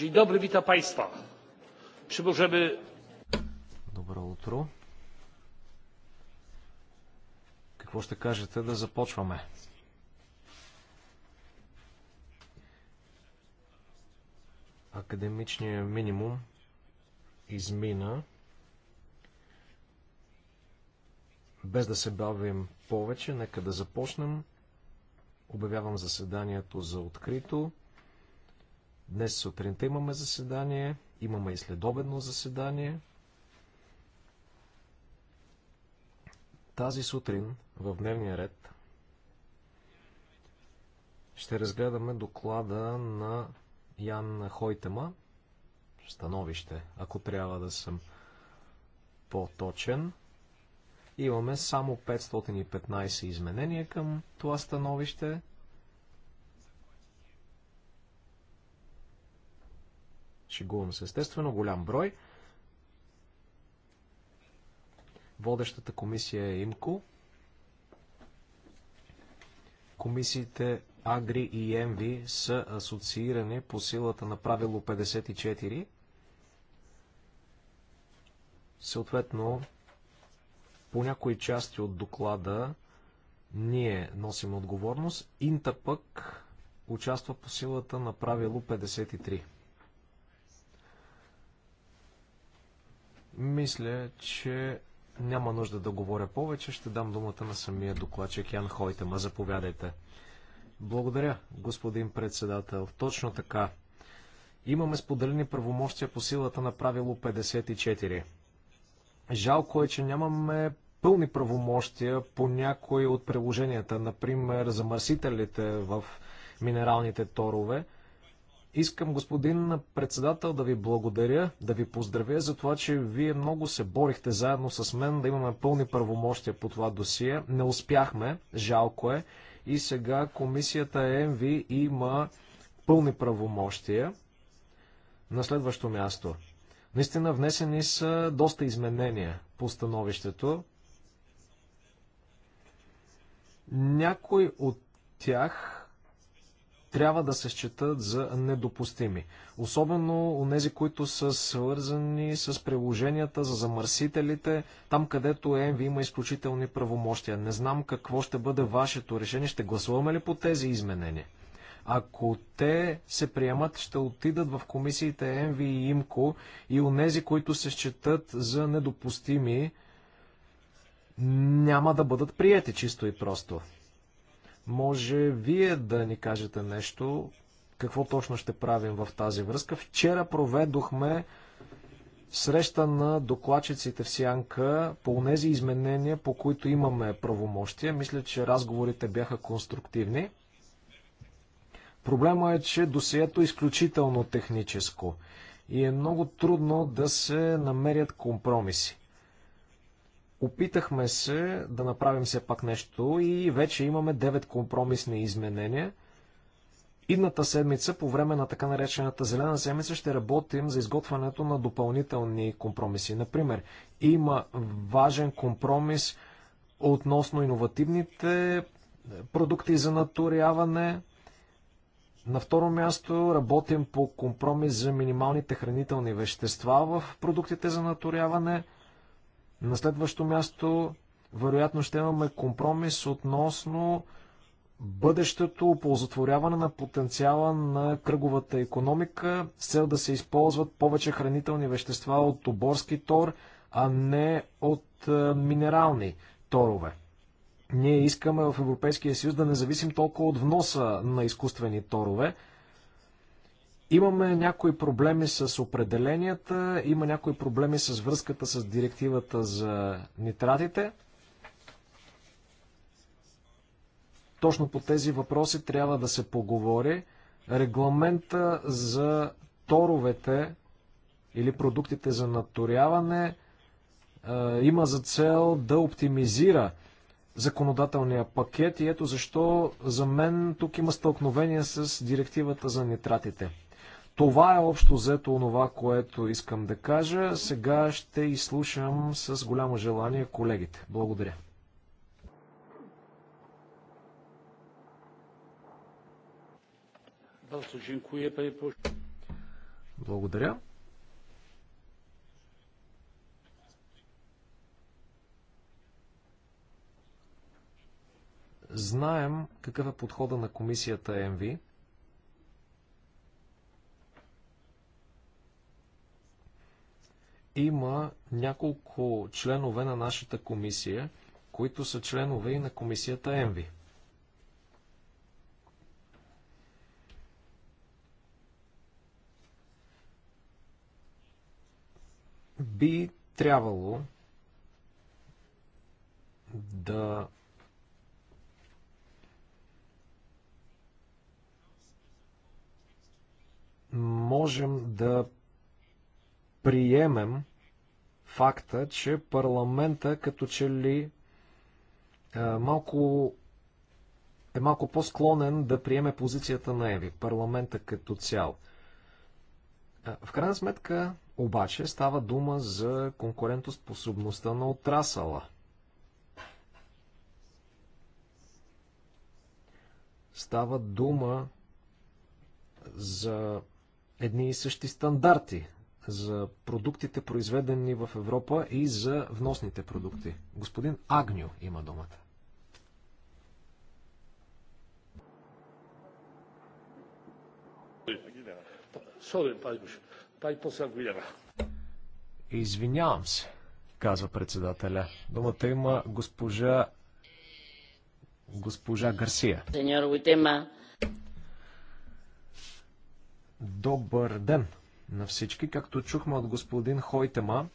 Dzień dobry, witam Państwa. Czy możemy... Добро утро. Какво ще кажете да започваме? Академичният минимум измина без да се бавим повече, нека да започнем. Обявявам заседанието за открито. Днес сутринта имаме заседание, имаме и следобедно заседание. Тази сутрин в дневния ред ще разгледаме доклада на Ян Хойтема. Становище, ако трябва да съм по-точен. Имаме само 515 изменения към това становище. Шегувам се естествено, голям брой. Водещата комисия е ИМКО. Комисиите Агри и ЕМВИ са асоциирани по силата на правило 54. Съответно, по някои части от доклада ние носим отговорност. Инта пък участва по силата на правило 53. Мисля, че няма нужда да говоря повече. Ще дам думата на самия докладчик Ян Хойтема. Заповядайте. Благодаря, господин председател. Точно така. Имаме споделени правомощия по силата на правило 54. Жалко е, че нямаме пълни правомощия по някои от приложенията, например замърсителите в минералните торове – Искам, господин председател, да ви благодаря, да ви поздравя за това, че вие много се борихте заедно с мен да имаме пълни правомощия по това досие. Не успяхме, жалко е. И сега комисията ЕМВИ има пълни правомощия. На следващо място. Наистина внесени са доста изменения по становището. Някой от тях трябва да се считат за недопустими. Особено у нези, които са свързани с приложенията за замърсителите, там където ЕМВ има изключителни правомощия. Не знам какво ще бъде вашето решение. Ще гласуваме ли по тези изменения? Ако те се приемат, ще отидат в комисиите ЕМВ и ИМКО и у нези, които се считат за недопустими, няма да бъдат прияти чисто и просто. Може вие да ни кажете нещо, какво точно ще правим в тази връзка. Вчера проведохме среща на докладчиците в Сянка по тези изменения, по които имаме правомощия. Мисля, че разговорите бяха конструктивни. Проблема е, че досието е изключително техническо и е много трудно да се намерят компромиси. Опитахме се да направим все пак нещо и вече имаме 9 компромисни изменения. Идната седмица, по време на така наречената зелена седмица, ще работим за изготвянето на допълнителни компромиси. Например, има важен компромис относно иновативните продукти за наторяване. На второ място работим по компромис за минималните хранителни вещества в продуктите за наторяване – на следващо място, вероятно ще имаме компромис относно бъдещето оползотворяване на потенциала на кръговата економика с цел да се използват повече хранителни вещества от оборски тор, а не от е, минерални торове. Ние искаме в Европейския съюз да не зависим толкова от вноса на изкуствени торове – Имаме някои проблеми с определенията, има някои проблеми с връзката с директивата за нитратите. Точно по тези въпроси трябва да се поговори. Регламента за торовете или продуктите за наторяване има за цел да оптимизира законодателния пакет и ето защо за мен тук има стълкновение с директивата за нитратите. Това е общо взето онова, което искам да кажа. Сега ще изслушам с голямо желание колегите. Благодаря. Благодаря. Знаем какъв е подхода на комисията ЕМВИ. Има няколко членове на нашата комисия, които са членове и на комисията ЕНВИ. Би трябвало да можем да приемем факта, че парламента като че ли е, малко е малко по-склонен да приеме позицията на Еви, парламента като цял. В крайна сметка, обаче, става дума за конкурентоспособността на отрасала. Става дума за едни и същи стандарти за продуктите, произведени в Европа и за вносните продукти. Господин Агню има думата. Извинявам се, казва председателя. Думата има госпожа госпожа Гарсия. Добър ден, на всички. Както чухме от господин Хойтема,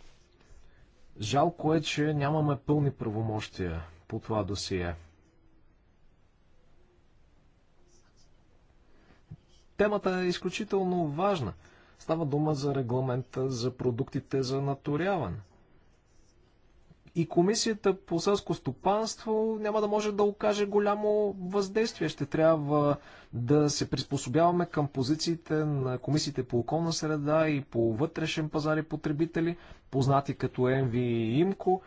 жалко е, че нямаме пълни правомощия по това досие. Темата е изключително важна. Става дума за регламента за продуктите за наторяване – и Комисията по селско стопанство няма да може да окаже голямо въздействие. Ще трябва да се приспособяваме към позициите на комисиите по околна среда и по вътрешен пазар и потребители, познати като ЕНВИ и ИМКО.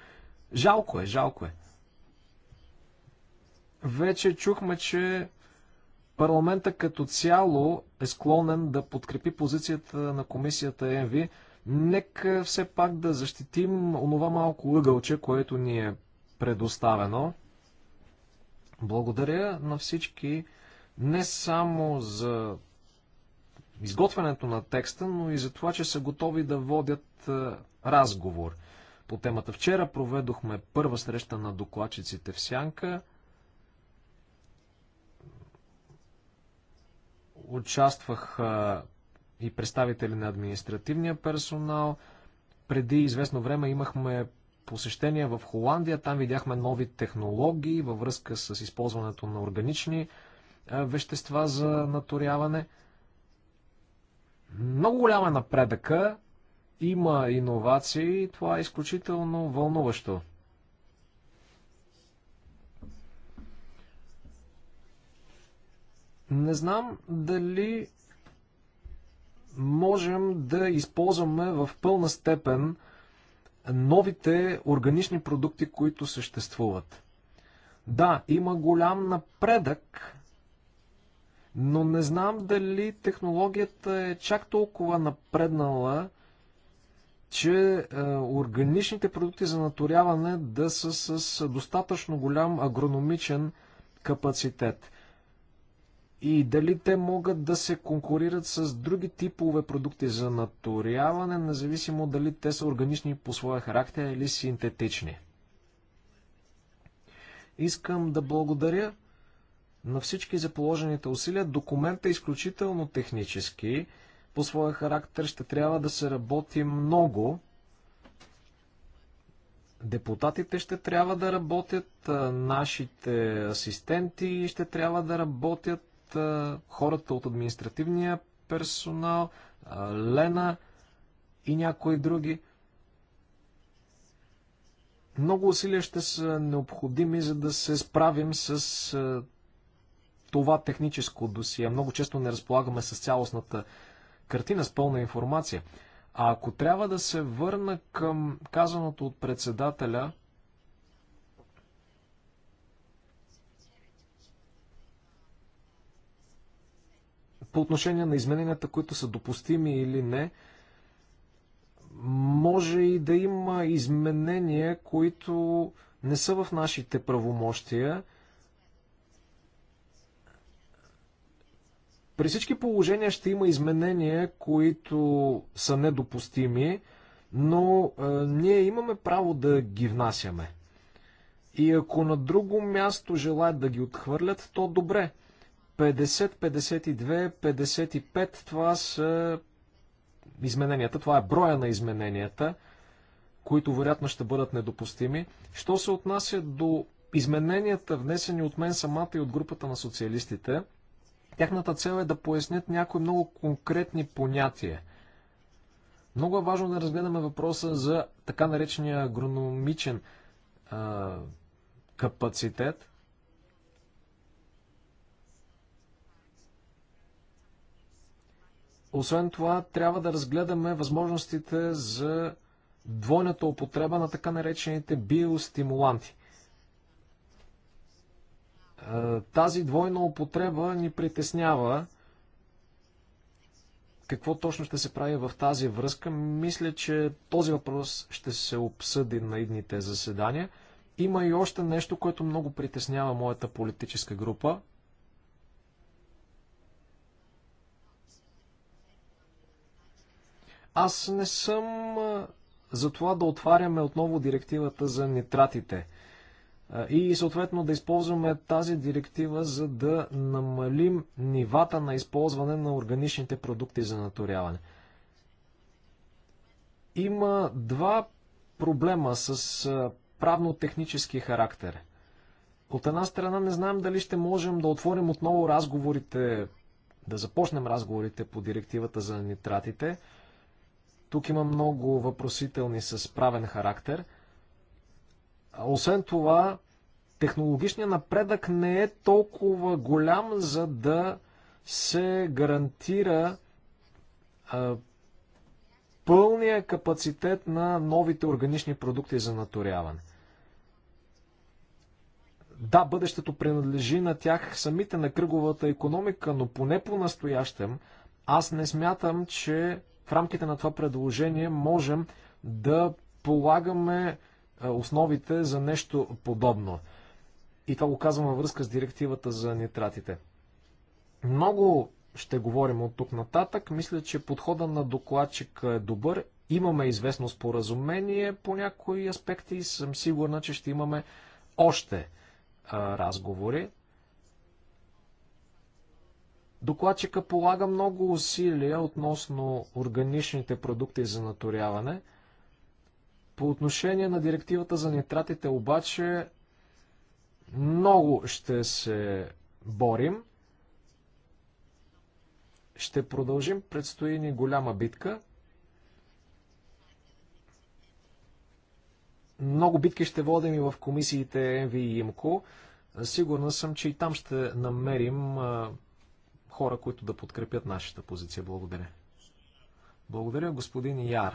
Жалко е, жалко е. Вече чухме, че парламента като цяло е склонен да подкрепи позицията на комисията ЕНВИ Нека все пак да защитим онова малко ъгълче, което ни е предоставено. Благодаря на всички не само за изготвянето на текста, но и за това, че са готови да водят е, разговор по темата. Вчера проведохме първа среща на докладчиците в Сянка. Участваха и представители на административния персонал. Преди известно време имахме посещения в Холандия. Там видяхме нови технологии във връзка с използването на органични вещества за наторяване. Много голяма е напредъка. Има иновации и това е изключително вълнуващо. Не знам дали можем да използваме в пълна степен новите органични продукти, които съществуват. Да, има голям напредък, но не знам дали технологията е чак толкова напреднала, че е, органичните продукти за наторяване да са с достатъчно голям агрономичен капацитет и дали те могат да се конкурират с други типове продукти за наторяване, независимо дали те са органични по своя характер или синтетични. Искам да благодаря на всички за положените усилия. Документът е изключително технически. По своя характер ще трябва да се работи много. Депутатите ще трябва да работят, нашите асистенти ще трябва да работят, хората от административния персонал, Лена и някои други. Много усилия ще са необходими, за да се справим с това техническо досие. Много често не разполагаме с цялостната картина, с пълна информация. А ако трябва да се върна към казаното от председателя, по отношение на измененията, които са допустими или не, може и да има изменения, които не са в нашите правомощия. При всички положения ще има изменения, които са недопустими, но е, ние имаме право да ги внасяме. И ако на друго място желаят да ги отхвърлят, то добре. 50, 52, 55, това са измененията, това е броя на измененията, които вероятно ще бъдат недопустими. Що се отнася до измененията, внесени от мен самата и от групата на социалистите, тяхната цел е да пояснят някои много конкретни понятия. Много е важно да разгледаме въпроса за така наречения агрономичен а, капацитет. Освен това, трябва да разгледаме възможностите за двойната употреба на така наречените биостимуланти. Е, тази двойна употреба ни притеснява. Какво точно ще се прави в тази връзка? Мисля, че този въпрос ще се обсъди на идните заседания. Има и още нещо, което много притеснява моята политическа група. Аз не съм за това да отваряме отново директивата за нитратите и съответно да използваме тази директива, за да намалим нивата на използване на органичните продукти за наторяване. Има два проблема с правно-технически характер. От една страна не знаем дали ще можем да отворим отново разговорите, да започнем разговорите по директивата за нитратите, тук има много въпросителни с правен характер. Освен това, технологичният напредък не е толкова голям, за да се гарантира а, пълния капацитет на новите органични продукти за наторяване. Да, бъдещето принадлежи на тях самите, на кръговата економика, но поне по-настоящем аз не смятам, че в рамките на това предложение можем да полагаме основите за нещо подобно. И това го казвам във връзка с директивата за нитратите. Много ще говорим от тук нататък. Мисля, че подхода на докладчик е добър. Имаме известно споразумение по някои аспекти и съм сигурна, че ще имаме още разговори. Докладчика полага много усилия относно органичните продукти за наторяване. По отношение на директивата за нитратите обаче много ще се борим. Ще продължим, предстои ни голяма битка. Много битки ще водим и в комисиите МВИ и ИМКО. Сигурна съм, че и там ще намерим хора, които да подкрепят нашата позиция. Благодаря. Благодаря, господин Яр.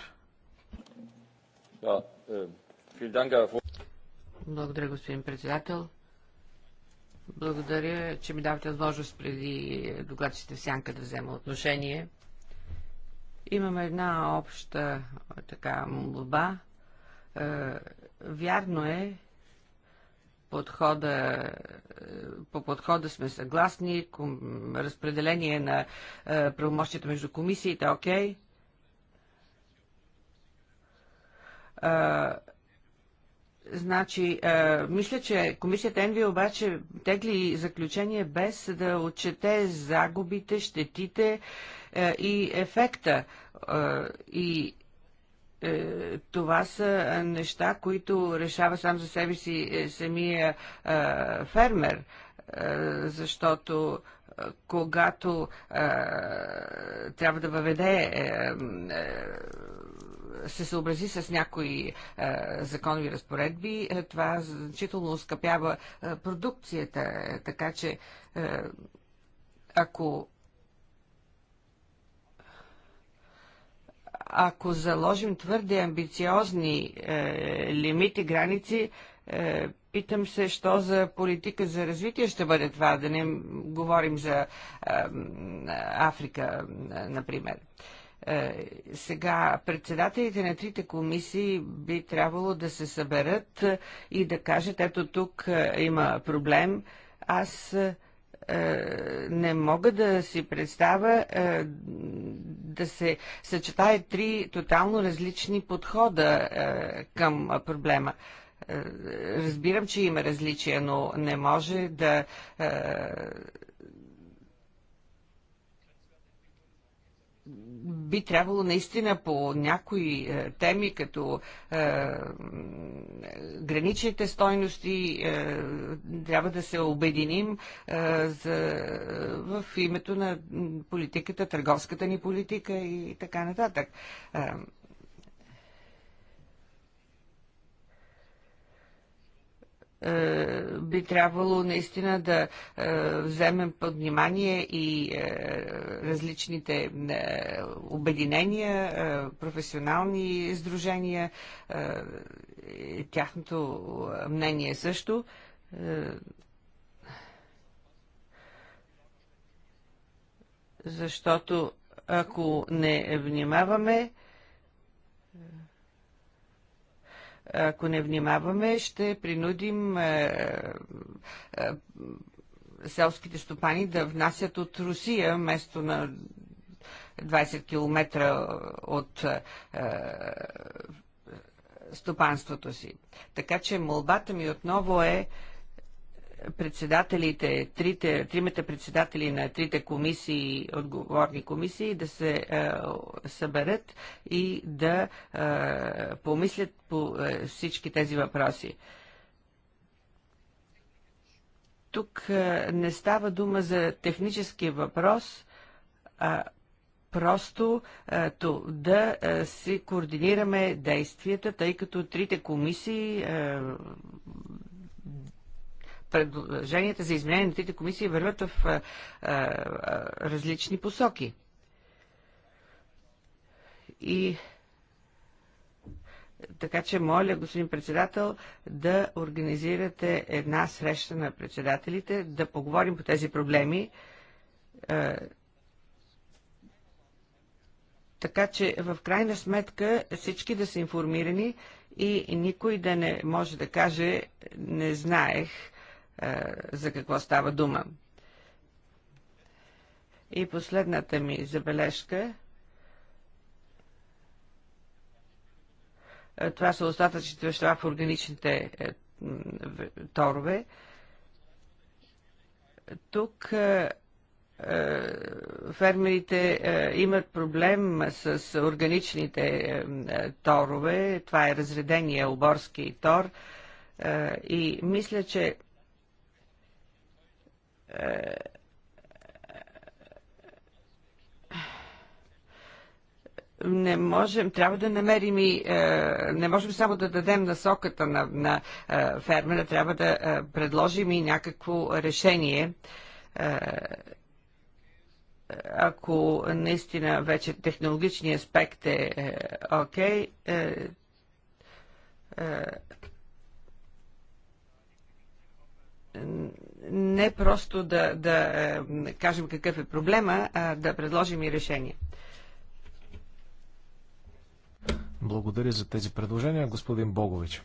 Е, Благодаря, господин председател. Благодаря, че ми давате възможност преди докладчите в сянка да взема отношение. Имаме една обща така молба. Е, вярно е, подхода, е, по подхода сме съгласни, ком, разпределение на е, правомощията между комисиите, окей. Okay. Е, Значи, е, мисля, че комисията Енви обаче тегли заключение без да отчете загубите, щетите е, и ефекта. Е, и е, това са е, неща, които решава сам за себе си е, самия фермер, защото когато трябва да въведе се съобрази с някои е, законови разпоредби, е, това значително оскъпява е, продукцията. Така че, е, ако ако заложим твърде амбициозни е, лимити, граници, е, питам се, що за политика за развитие ще бъде това, да не говорим за е, Африка, например. Е, сега, председателите на трите комисии би трябвало да се съберат е, и да кажат, ето тук е, има проблем. Аз е, е, не мога да си представя е, да се съчетае три тотално различни подхода е, към проблема. Разбирам, че има различия, но не може да би трябвало наистина по някои е, теми, като е, граничните стойности, е, трябва да се обединим е, за, в името на политиката, търговската ни политика и така нататък. Е, Е, би трябвало наистина да е, вземем под внимание и е, различните обединения, професионални издружения, тяхното мнение също. Защото ако не внимаваме, Ако не внимаваме, ще принудим е, е, селските стопани да внасят от Русия вместо на 20 км от е, стопанството си. Така че молбата ми отново е председателите, трите, тримата председатели на трите комисии, отговорни комисии, да се е, съберат и да е, помислят по е, всички тези въпроси. Тук е, не става дума за технически въпрос, а просто а, е, то, да а, е, си координираме действията, тъй като трите комисии а, е, предложенията за изменение на трите комисии върват в а, а, различни посоки. И така че моля, господин председател, да организирате една среща на председателите, да поговорим по тези проблеми. А, така че в крайна сметка всички да са информирани и никой да не може да каже не знаех е, за какво става дума. И последната ми забележка. Е, това са остатъчните вещества в органичните е, торове. Тук фермерите имат проблем с органичните торове. Това е разредения оборски тор. И мисля, че не можем, трябва да намерим и е, не можем само да дадем насоката на, на е, фермера, трябва да е, предложим и някакво решение. Е, ако наистина вече технологичният аспект е окей, е, okay, е, е, не просто да, да е, кажем какъв е проблема, а да предложим и решение. Благодаря за тези предложения, господин Богович.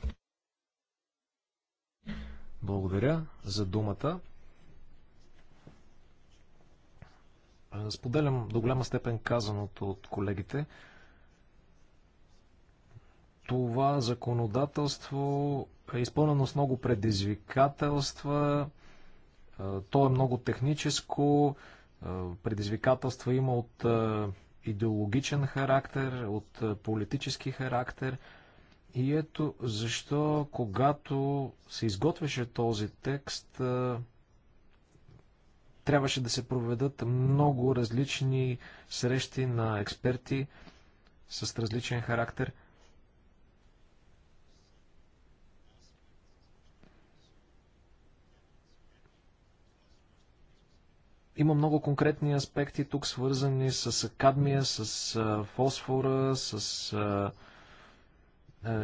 Благодаря за думата. Е, споделям до голяма степен казаното от колегите. Това законодателство е изпълнено с много предизвикателства, то е много техническо, предизвикателства има от идеологичен характер, от политически характер. И ето защо, когато се изготвяше този текст, трябваше да се проведат много различни срещи на експерти с различен характер – Има много конкретни аспекти тук, свързани с кадмия, с фосфора, с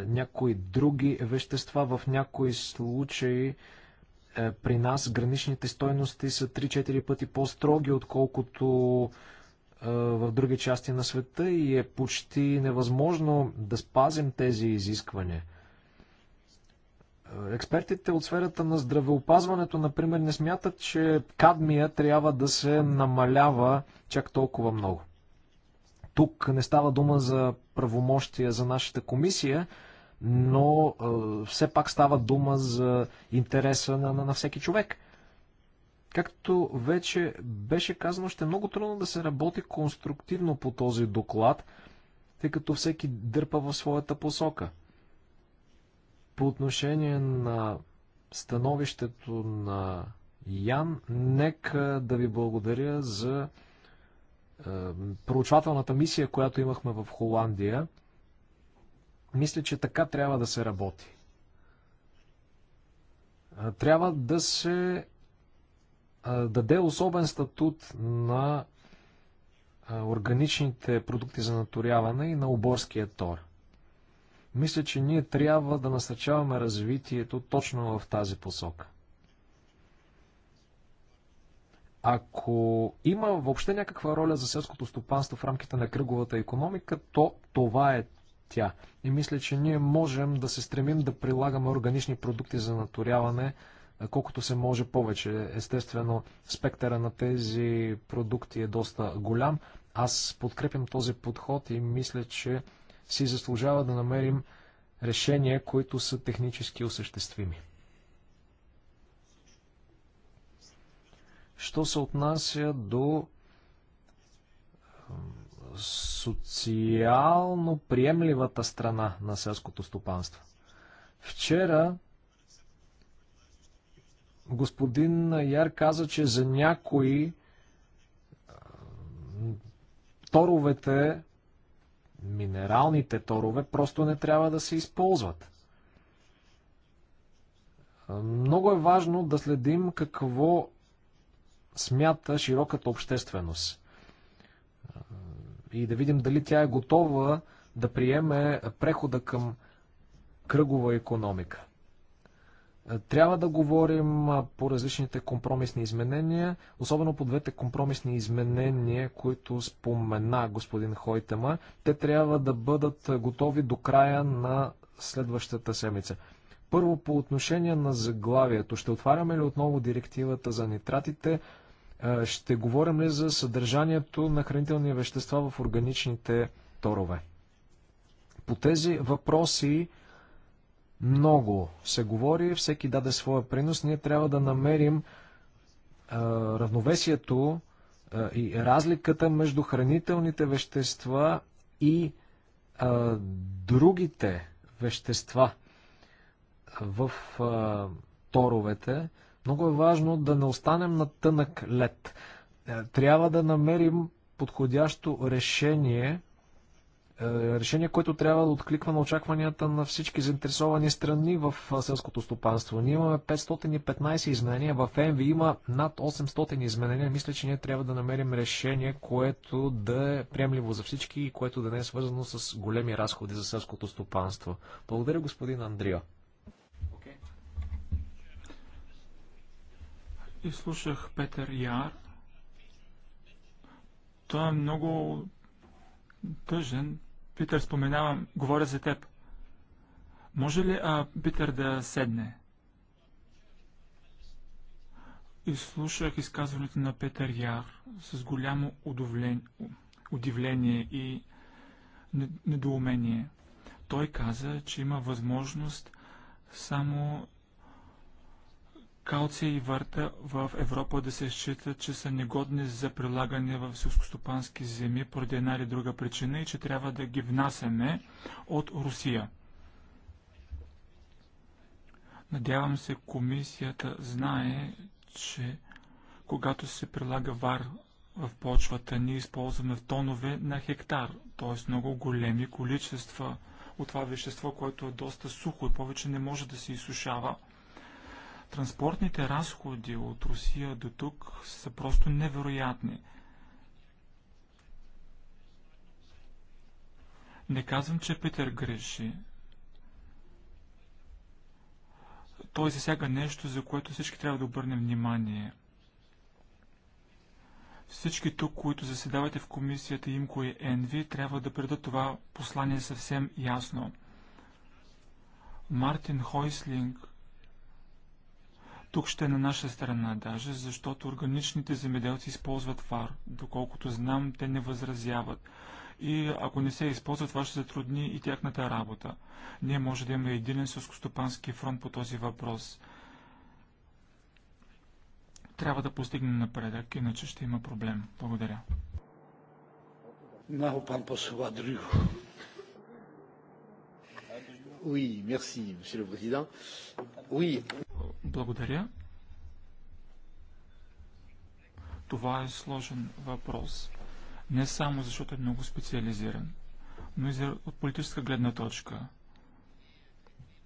някои други вещества. В някои случаи е, при нас граничните стойности са 3-4 пъти по-строги, отколкото е, в други части на света и е почти невъзможно да спазим тези изисквания. Експертите от сферата на здравеопазването, например, не смятат, че кадмия трябва да се намалява чак толкова много. Тук не става дума за правомощия за нашата комисия, но е, все пак става дума за интереса на, на, на всеки човек. Както вече беше казано, ще е много трудно да се работи конструктивно по този доклад, тъй като всеки дърпа в своята посока – по отношение на становището на Ян, нека да ви благодаря за е, проучвателната мисия, която имахме в Холандия. Мисля, че така трябва да се работи. Е, трябва да се е, даде особен статут на е, органичните продукти за наторяване и на оборския тор. Мисля, че ние трябва да насърчаваме развитието точно в тази посока. Ако има въобще някаква роля за селското стопанство в рамките на кръговата економика, то това е тя. И мисля, че ние можем да се стремим да прилагаме органични продукти за наторяване, колкото се може повече. Естествено, спектъра на тези продукти е доста голям. Аз подкрепям този подход и мисля, че си заслужава да намерим решения, които са технически осъществими. Що се отнася до социално приемливата страна на селското стопанство. Вчера господин Яр каза, че за някои торовете минералните торове просто не трябва да се използват. Много е важно да следим какво смята широката общественост и да видим дали тя е готова да приеме прехода към кръгова економика. Е, трябва да говорим по различните компромисни изменения, особено по двете компромисни изменения, които спомена господин Хойтема. Те трябва да бъдат готови до края на следващата седмица. Първо, по отношение на заглавието. Ще отваряме ли отново директивата за нитратите? Е, ще говорим ли за съдържанието на хранителни вещества в органичните торове? По тези въпроси много се говори, всеки даде своя принос. Ние трябва да намерим а, равновесието а, и разликата между хранителните вещества и а, другите вещества в а, торовете. Много е важно да не останем на тънък лед. Е, трябва да намерим подходящо решение е, решение, което трябва да откликва на очакванията на всички заинтересовани страни в селското стопанство. Ние имаме 515 изменения, в МВ има над 800 изменения. Мисля, че ние трябва да намерим решение, което да е приемливо за всички и което да не е свързано с големи разходи за селското стопанство. Благодаря, господин Андрио. Okay. И слушах Петър Яр. Той е много тъжен, Питър, споменавам, говоря за теб. Може ли а, Питър да седне? И слушах изказването на Петър Яр с голямо удивление и недоумение. Той каза, че има възможност само калция и варта в Европа да се считат, че са негодни за прилагане в сълскостопански земи поради една или друга причина и че трябва да ги внасяме от Русия. Надявам се, комисията знае, че когато се прилага вар в почвата, ние използваме тонове на хектар, т.е. много големи количества от това вещество, което е доста сухо и повече не може да се изсушава. Транспортните разходи от Русия до тук са просто невероятни. Не казвам, че Питер греши. Той засяга нещо, за което всички трябва да обърнем внимание. Всички тук, които заседавате в комисията Имко и Енви, трябва да предат това послание съвсем ясно. Мартин Хойслинг – тук ще е на наша страна даже, защото органичните земеделци използват фар. Доколкото знам, те не възразяват. И ако не се използват, това ще затрудни и тяхната работа. Ние може да имаме единен сълскостопански фронт по този въпрос. Трябва да постигнем напредък, иначе ще има проблем. Благодаря. Много пан посова, друго. Oui, merci, Monsieur le Président. Oui, благодаря. Това е сложен въпрос. Не само защото е много специализиран, но и от политическа гледна точка.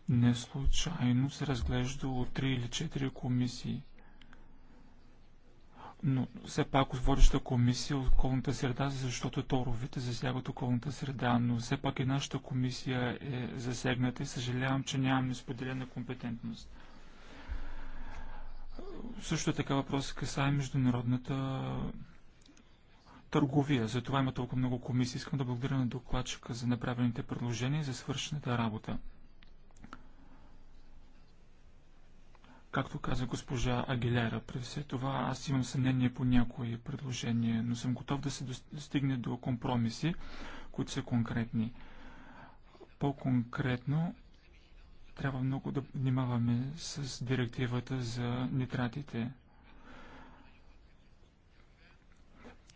Не случайно се разглежда от 3 или 4 комисии. Но все пак от водеща комисия от околната среда, защото торовите засягат околната среда, но все пак и нашата комисия е засегната и съжалявам, че нямаме споделена компетентност. Също така въпрос касае международната търговия. Затова има толкова много комисии. Искам да благодаря на докладчика за направените предложения и за свършената работа. Както каза госпожа Агилера, при все това аз имам съмнение по някои предложения, но съм готов да се достигне до компромиси, които са конкретни. По-конкретно трябва много да внимаваме с директивата за нитратите.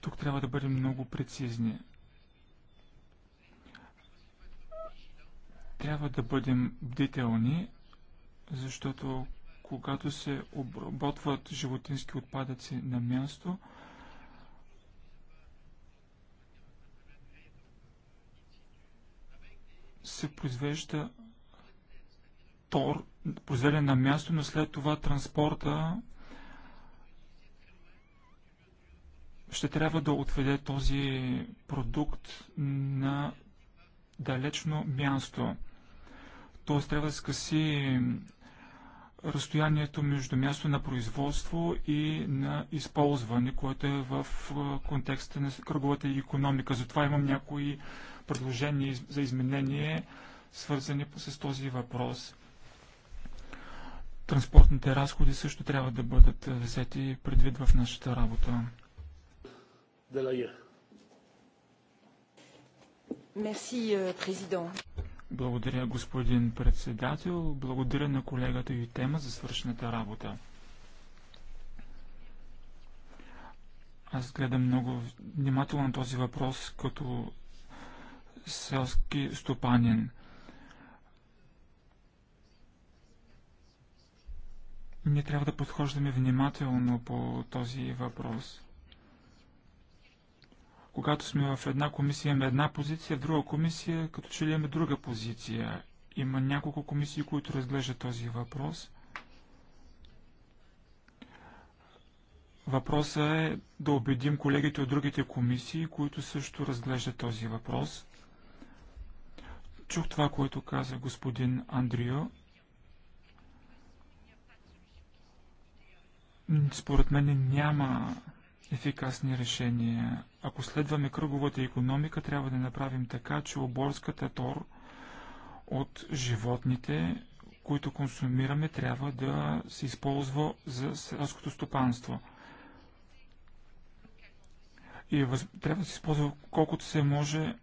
Тук трябва да бъдем много прецизни. Трябва да бъдем бдителни, защото когато се обработват животински отпадъци на място, се произвежда тор, произведен на място, но след това транспорта ще трябва да отведе този продукт на далечно място. Тоест трябва да скъси разстоянието между място на производство и на използване, което е в контекста на кръговата економика. Затова имам някои предложения за изменение, свързани с този въпрос. Транспортните разходи също трябва да бъдат е, взети предвид в нашата работа. Е, Благодаря, господин председател. Благодаря на колегата и тема за свършената работа. Аз гледам много внимателно този въпрос като селски стопанин. Ние трябва да подхождаме внимателно по този въпрос. Когато сме в една комисия имаме една позиция, в друга комисия като че ли имаме друга позиция. Има няколко комисии, които разглеждат този въпрос. Въпросът е да убедим колегите от другите комисии, които също разглеждат този въпрос. Чух това, което каза господин Андрио. Според мен няма ефикасни решения. Ако следваме кръговата економика, трябва да направим така, че оборската тор от животните, които консумираме, трябва да се използва за селското стопанство. И въз... трябва да се използва колкото се може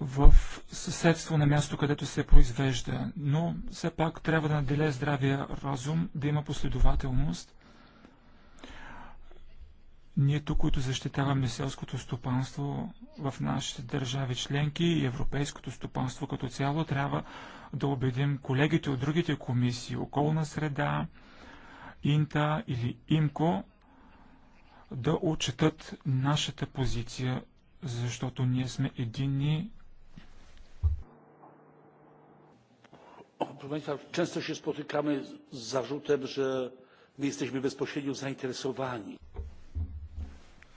в съседство на място, където се произвежда, но все пак трябва да наделе здравия разум, да има последователност. Ние тук, които защитаваме селското стопанство в нашите държави членки и европейското стопанство като цяло, трябва да убедим колегите от другите комисии, околна среда, Инта или Имко, да отчетат нашата позиция, защото ние сме единни Proszę Państwa, często się spotykamy z zarzutem, że my jesteśmy bezpośrednio zainteresowani.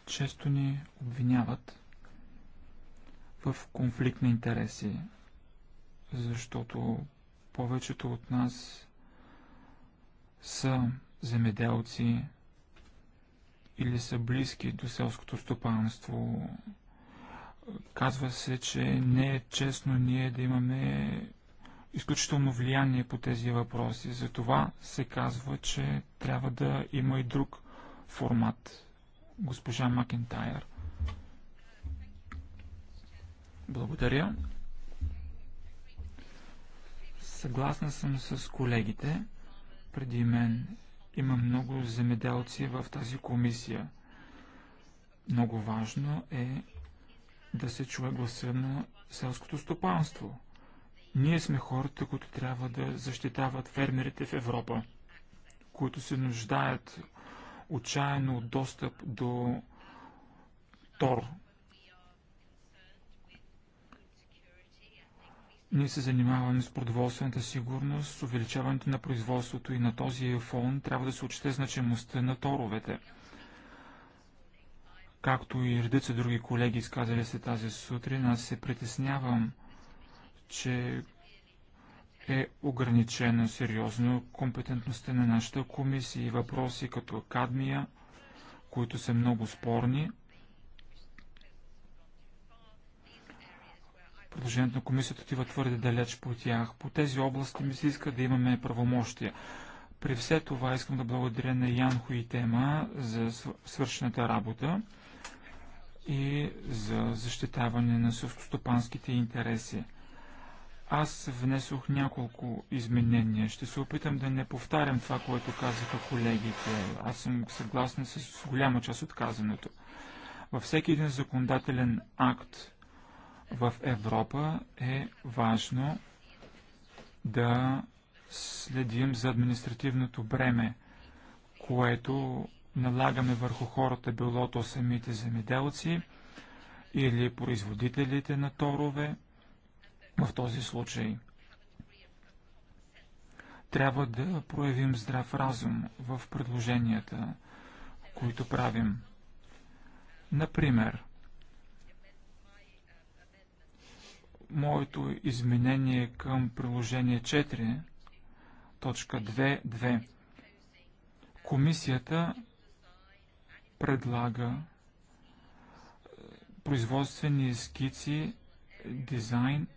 Често ни обвиняват в конфликт на интереси, защото повечето от нас са земеделци или са близки до селското стопанство. Казва се, че не е честно ние да имаме изключително влияние по тези въпроси. Затова се казва, че трябва да има и друг формат. Госпожа Макентайр. Благодаря. Съгласна съм с колегите. Преди мен има много земеделци в тази комисия. Много важно е да се чуе гласа на селското стопанство – ние сме хората, които трябва да защитават фермерите в Европа, които се нуждаят отчаяно от достъп до Тор. Ние се занимаваме с продоволствената сигурност, с увеличаването на производството и на този фон трябва да се отчете значимостта на торовете. Както и редица други колеги изказали се тази сутрин, аз се притеснявам – че е ограничена сериозно компетентността на нашата комисия и въпроси като кадмия, които са много спорни. Предложението на комисията отива твърде далеч по тях. По тези области ми се иска да имаме правомощия. При все това искам да благодаря на и Тема за свършената работа и за защитаване на съвкостопанските интереси. Аз внесох няколко изменения. Ще се опитам да не повтарям това, което казаха колегите. Аз съм съгласен с голяма част от казаното. Във всеки един законодателен акт в Европа е важно да следим за административното бреме, което налагаме върху хората, било то самите земеделци или производителите на торове, в този случай. Трябва да проявим здрав разум в предложенията, които правим. Например, моето изменение към приложение 4, точка 2.2. Комисията предлага е, производствени скици, дизайн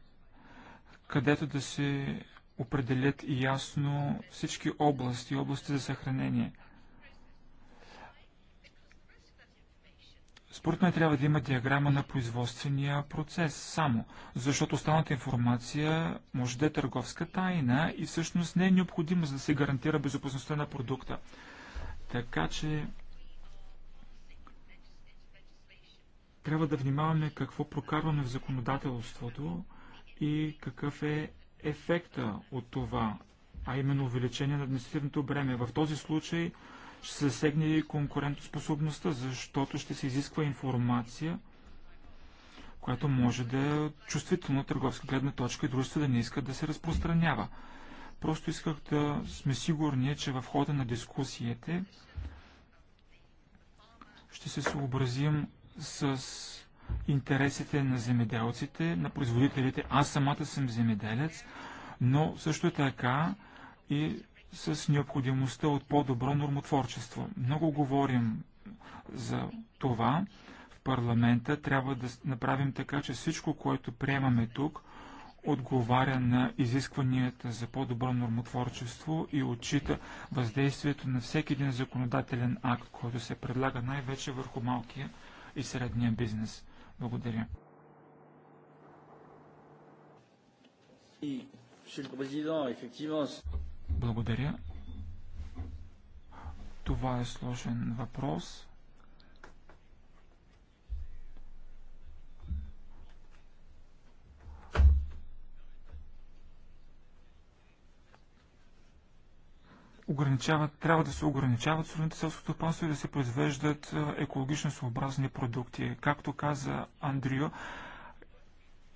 където да се определят ясно всички области, области за съхранение. Според мен трябва да има диаграма на производствения процес само, защото останалата информация може да е търговска тайна и всъщност не е необходима, за да се гарантира безопасността на продукта. Така че трябва да внимаваме какво прокарваме в законодателството, и какъв е ефекта от това, а именно увеличение на административното бреме. В този случай ще се засегне и конкурентоспособността, защото ще се изисква информация, която може да е чувствителна от търговска гледна точка и дружество да не иска да се разпространява. Просто исках да сме сигурни, че в хода на дискусиите ще се съобразим с интересите на земеделците, на производителите. Аз самата съм земеделец, но също така и с необходимостта от по-добро нормотворчество. Много говорим за това в парламента. Трябва да направим така, че всичко, което приемаме тук, отговаря на изискванията за по-добро нормотворчество и отчита въздействието на всеки един законодателен акт, който се предлага най-вече върху малкия и средния бизнес. Благодаря. Благодаря. Това е сложен въпрос. ограничават, трябва да се ограничават сурните селското стопанство и да се произвеждат екологично съобразни продукти. Както каза Андрио,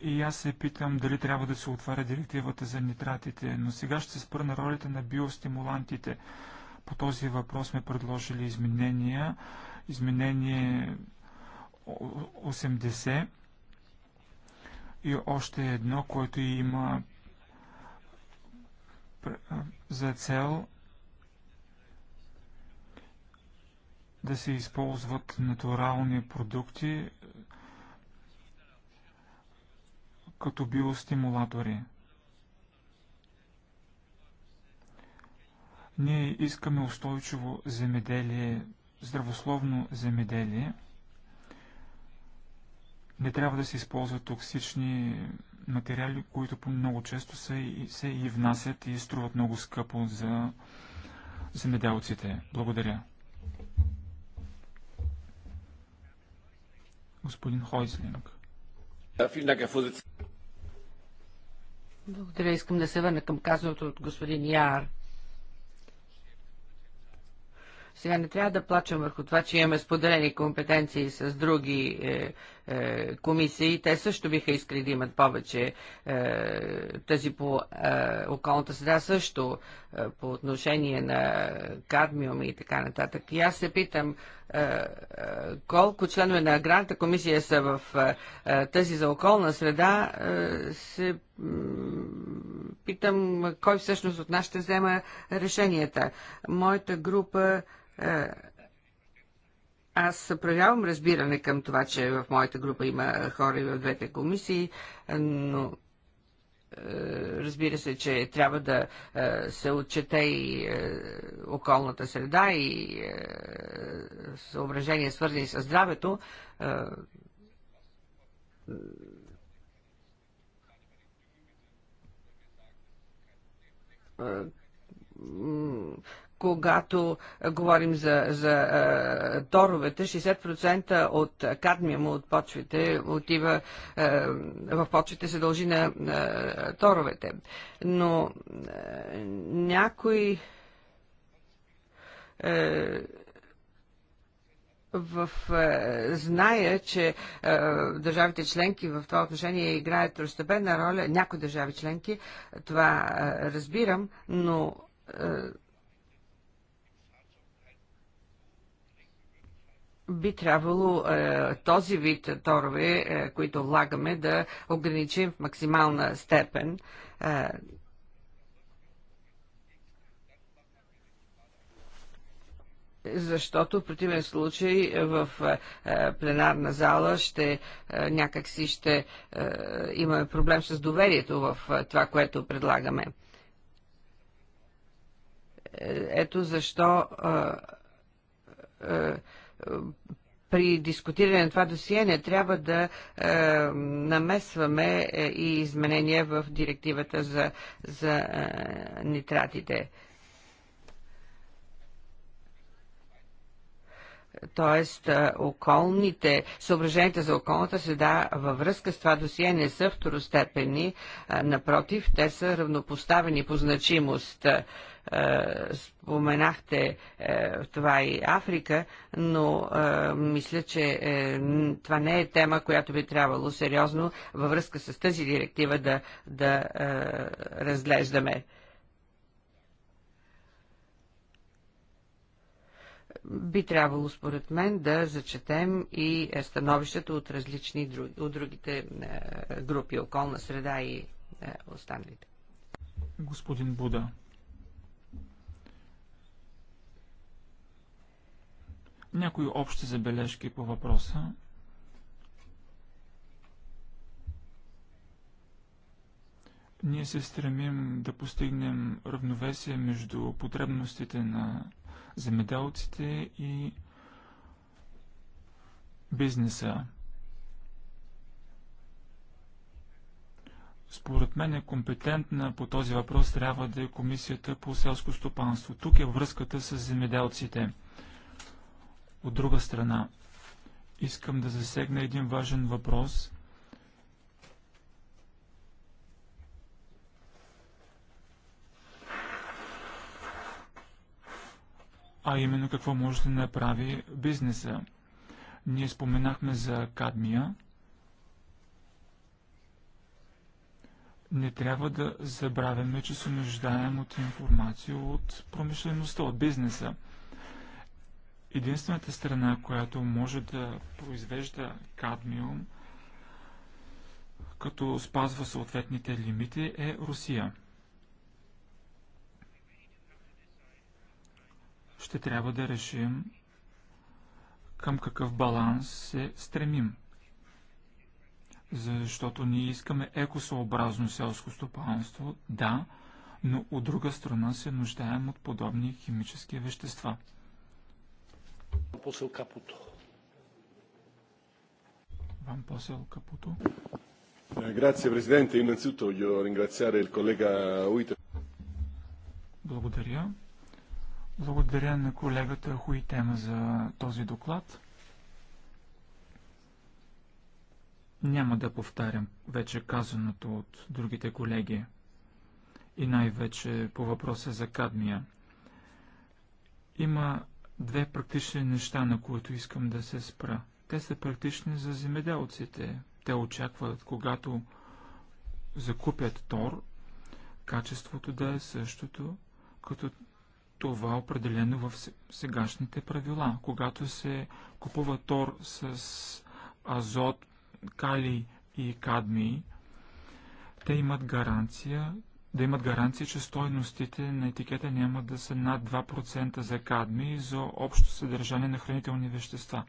и аз се питам дали трябва да се отваря директивата за нитратите, но сега ще се спра на ролята на биостимулантите. По този въпрос сме предложили изменения. Изменение 80 и още едно, което има за цел да се използват натурални продукти е, като биостимулатори. Ние искаме устойчиво земеделие, здравословно земеделие. Не трябва да се използват токсични материали, които много често се и, се и внасят и струват много скъпо за земеделците. Благодаря. господин Хойслинг. Е Благодаря. Искам да се върна към казаното от господин Яр. Сега не трябва да плачем върху това, че имаме споделени компетенции с други е, е, комисии, те също биха искали да имат повече тези тази по е, околната среда също е, по отношение на кадмиум и така нататък. И аз се питам колко членове на Аграрната комисия са в тези тази за околна среда, се питам кой всъщност от нас ще взема решенията. Моята група аз проявявам разбиране към това, че в моята група има хора и в двете комисии, но е, разбира се, че трябва да е, се отчете и е, околната среда и съображения свързани с здравето когато говорим за, за а, торовете, 60% от кадмиума от почвите отива а, в почвите се дължи на а, торовете. Но а, някой а, в, а, зная, че а, държавите членки в това отношение играят второстепенна роля, някои държави членки, това а, разбирам, но а, би трябвало е, този вид торове, е, които влагаме, да ограничим в максимална степен. Е, защото в противен случай в пленарна зала ще някакси ще имаме проблем с доверието в това, което предлагаме. Ето защо при дискутиране на това досие не трябва да е, намесваме е, и изменения в директивата за, за е, нитратите. т.е. околните, съображенията за околната среда във връзка с това досие не са второстепенни, напротив, те са равнопоставени по значимост. Споменахте е, това и Африка, но мисля, че е, това не е тема, която би трябвало сериозно във връзка с тази директива да, да е, разглеждаме. би трябвало, според мен, да зачетем и е, становището от различни други, от другите е, групи, околна среда и е, останалите. Господин Буда, някои общи забележки по въпроса. Ние се стремим да постигнем равновесие между потребностите на земеделците и бизнеса. Според мен е компетентна по този въпрос трябва да е Комисията по селско стопанство. Тук е връзката с земеделците. От друга страна, искам да засегна един важен въпрос – а именно какво може да направи бизнеса. Ние споменахме за кадмия. Не трябва да забравяме, че се нуждаем от информация от промишлеността, от бизнеса. Единствената страна, която може да произвежда кадмиум, като спазва съответните лимити, е Русия. ще трябва да решим към какъв баланс се стремим. Защото ние искаме екосъобразно селско стопанство, да, но от друга страна се нуждаем от подобни химически вещества. Вам Посел Капуто. Вам посел Капуто. Eh, grazie Presidente, innanzitutto voglio ringraziare il collega Uiter. Благодаря. Благодаря на колегата Хуитема за този доклад. Няма да повтарям вече казаното от другите колеги и най-вече по въпроса за кадмия. Има две практични неща, на които искам да се спра. Те са практични за земеделците. Те очакват, когато закупят тор, качеството да е същото, като това е определено в сегашните правила. Когато се купува тор с азот, кали и кадмий, те имат гаранция, да имат гаранция, че стойностите на етикета няма да са над 2% за кадми и за общо съдържание на хранителни вещества.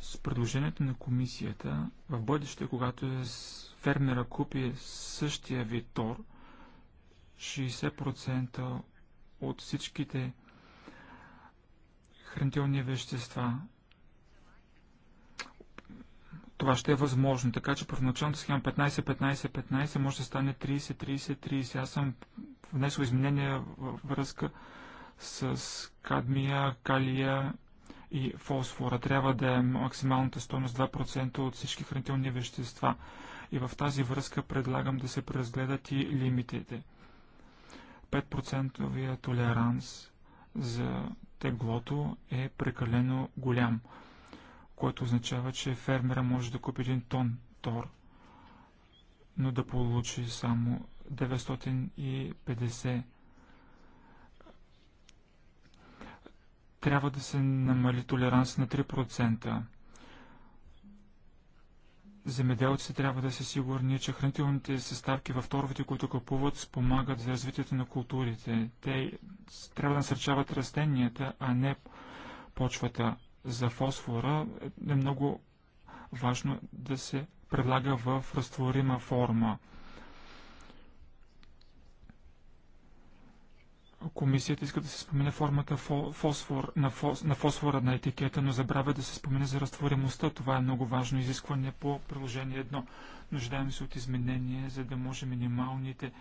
С предложението на комисията, в бъдеще, когато е фермера купи същия вид тор, 60% от всичките хранителни вещества. Това ще е възможно, така че първоначалната схема 15-15-15 може да стане 30-30-30. Аз съм внесъл изменения във връзка с кадмия, калия и фосфора. Трябва да е максималната стойност 2% от всички хранителни вещества. И в тази връзка предлагам да се преразгледат и лимитите. 5% толеранс за теглото е прекалено голям, което означава, че фермера може да купи един тон тор, но да получи само 950. Трябва да се намали толеранс на 3%. Земеделците трябва да са сигурни, че хранителните съставки във торовете, които купуват, спомагат за развитието на културите. Те трябва да насърчават растенията, а не почвата. За фосфора е много важно да се предлага в разтворима форма. Комисията иска да се спомене формата фосфор, на, фос, на фосфора на етикета, но забравя да се спомене за разтворимостта. Това е много важно изискване по приложение 1. Нуждаем се от изменение, за да може минималните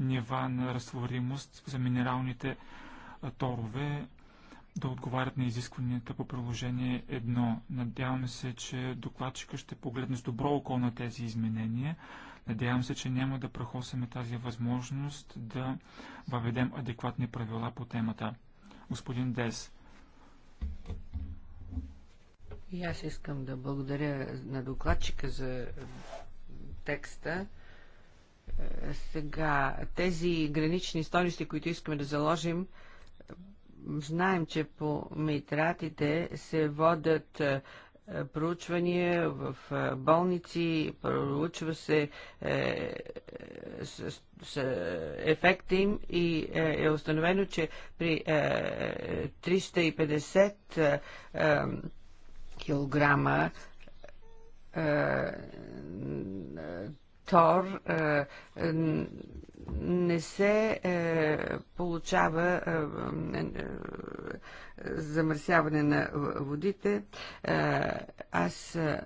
нива на разтворимост за минералните торове да отговарят на изискванията по приложение 1. Надяваме се, че докладчика ще погледне с добро око на тези изменения. Надявам се, че няма да прохосаме тази възможност да въведем адекватни правила по темата. Господин Дес. И аз искам да благодаря на докладчика за текста. Е, сега, тези гранични стойности, които искаме да заложим, знаем, че по митратите се водят е, е, проучвания в е, болници, проучва се е, с, с ефекта им и е, е, установено, че при е, 350 килограма тор не се е, получава е, е, замърсяване на водите. Е, аз е,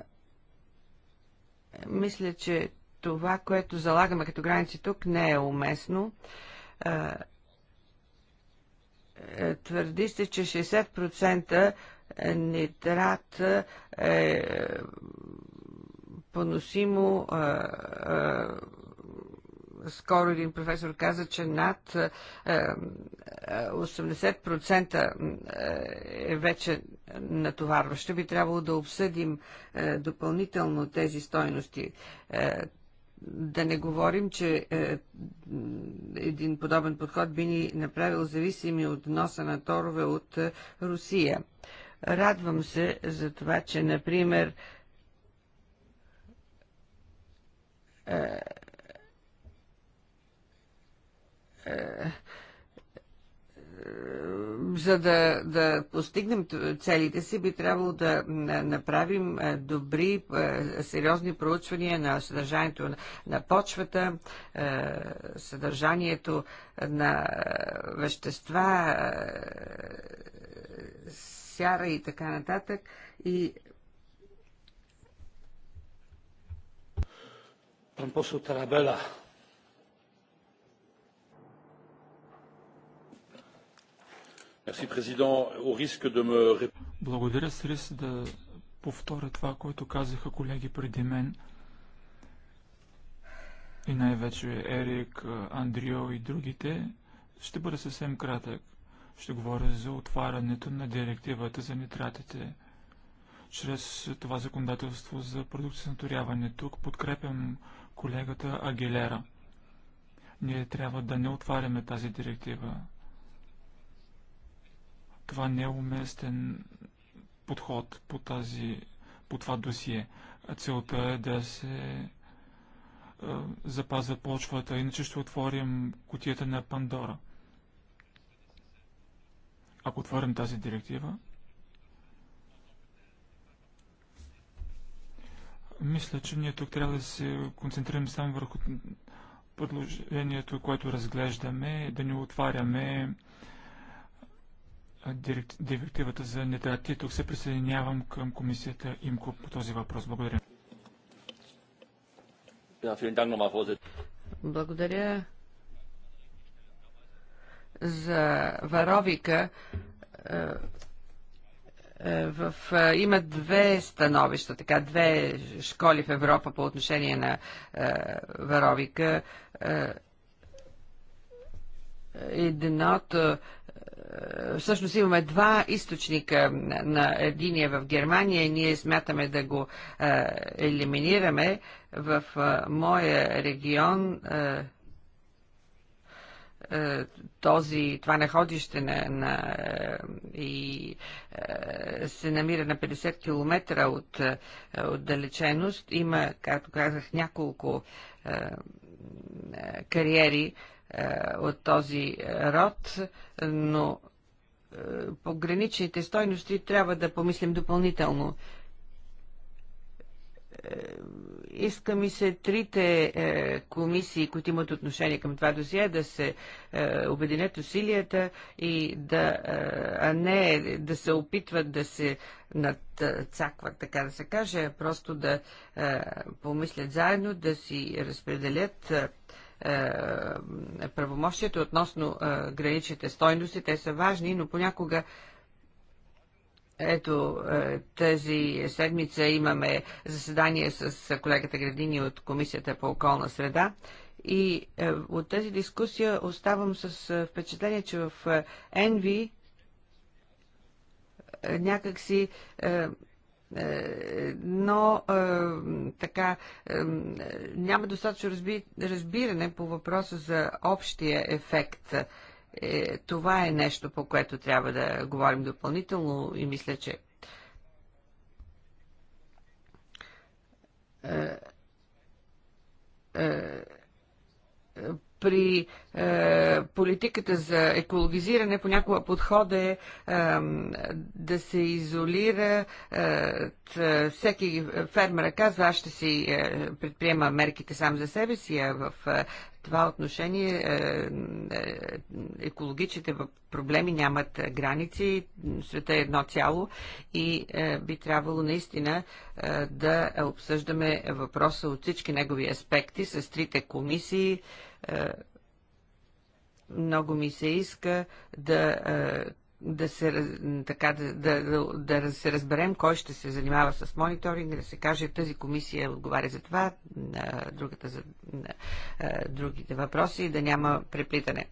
мисля, че това, което залагаме като граници тук, не е уместно. Е, е, твърди се, че 60% нитрат е, е поносимо е, е, скоро един професор каза, че над 80% е, е, е, е вече натоварващо. Би трябвало да обсъдим допълнително тези стойности да не говорим, че един подобен подход би ни направил зависими от носа на торове от Русия. Радвам се за това, че, например, е, е, е, за да, да постигнем целите си, би трябвало да направим добри, сериозни проучвания на съдържанието на почвата, съдържанието на вещества, сяра и така нататък. И Pan poseł Благодаря с риск да повторя това, което казаха колеги преди мен и най-вече Ерик, Андрио и другите. Ще бъда съвсем кратък. Ще говоря за отварянето на директивата за нитратите. Чрез това законодателство за продукция на торяване тук подкрепям колегата Агилера. Ние трябва да не отваряме тази директива това не е уместен подход по, тази, по това досие. Целта е да се е, запазва почвата, иначе ще отворим кутията на Пандора. Ако отворим тази директива, мисля, че ние тук трябва да се концентрираме само върху предложението, което разглеждаме, да не отваряме директивата за нитрати. Тук се присъединявам към комисията ИМКО по този въпрос. Благодаря. Благодаря за Варовика. Е, е, в, е, има две становища, така две школи в Европа по отношение на Варовика едното всъщност имаме два източника на единия в Германия и ние смятаме да го е, елиминираме. В е, моя регион е, този, това находище на, на, и се намира на 50 км от отдалеченост. Има, както казах, няколко кариери, е, от този род, но е, по граничните стойности трябва да помислим допълнително. Е, иска ми се трите комисии, които имат отношение към това досие, да се обединят усилията и да, а не да се опитват да се надцакват, така да се каже, просто да помислят заедно, да си разпределят е, правомощията относно е, граничните стойности. Те са важни, но понякога ето, е, тази седмица имаме заседание с колегата Градини от Комисията по околна среда. И от тази дискусия оставам с впечатление, че в Енви някакси е, но е, така е, няма достатъчно разбиране по въпроса за общия ефект. Това е нещо, по което трябва да говорим допълнително и мисля, че при е, политиката за екологизиране понякога подхода е, е да се изолира. Е, всеки фермера е казва, аз ще си е, предприема мерките сам за себе си, а в е, това отношение е, е, екологичните проблеми нямат граници, света е едно цяло и е, би трябвало наистина да обсъждаме въпроса от всички негови аспекти с трите комисии. Много ми се иска да да се, така, да, да, да се разберем кой ще се занимава с мониторинг, да се каже тази комисия отговаря за това, другата за другите въпроси и да няма преплитане.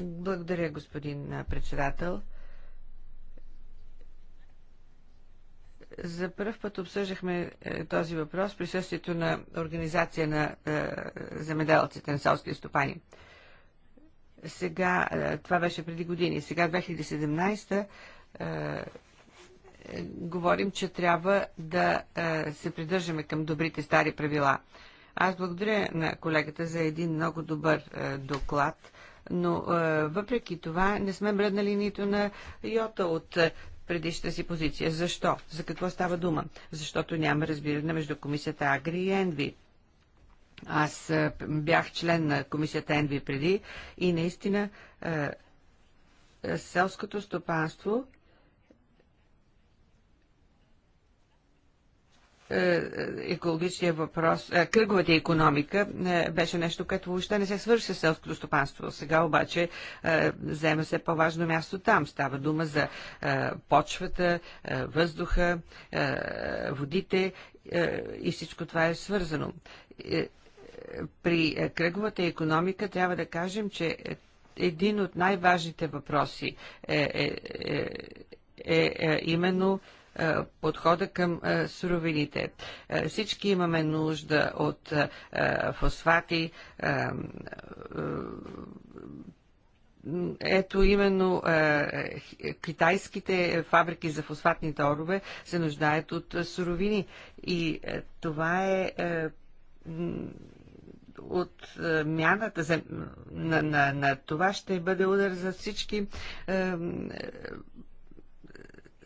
Благодаря, господин председател. За първ път обсъждахме е, този въпрос в присъствието на Организация на е, земеделците на селски стопани сега, е, това беше преди години, сега 2017 е, говорим, че трябва да е, се придържаме към добрите стари правила. Аз благодаря на колегата за един много добър доклад, но въпреки това не сме бръднали нито на йота от предишната си позиция. Защо? За какво става дума? Защото няма разбиране между комисията Агри и Енви. Аз бях член на комисията НВ преди и наистина селското стопанство екологичния въпрос, кръговата економика беше нещо, което въобще не се свърши с селското стопанство. Сега обаче взема се по-важно място там. Става дума за почвата, въздуха, водите и всичко това е свързано при е, кръговата економика трябва да кажем, че един от най-важните въпроси е, е, е, е, е именно е, подхода към е, суровините. Всички имаме нужда от фосфати. Ето именно китайските фабрики за фосфатни торове се нуждаят от суровини и това е отмяната е, за, на, на, на това ще бъде удар за всички е, е,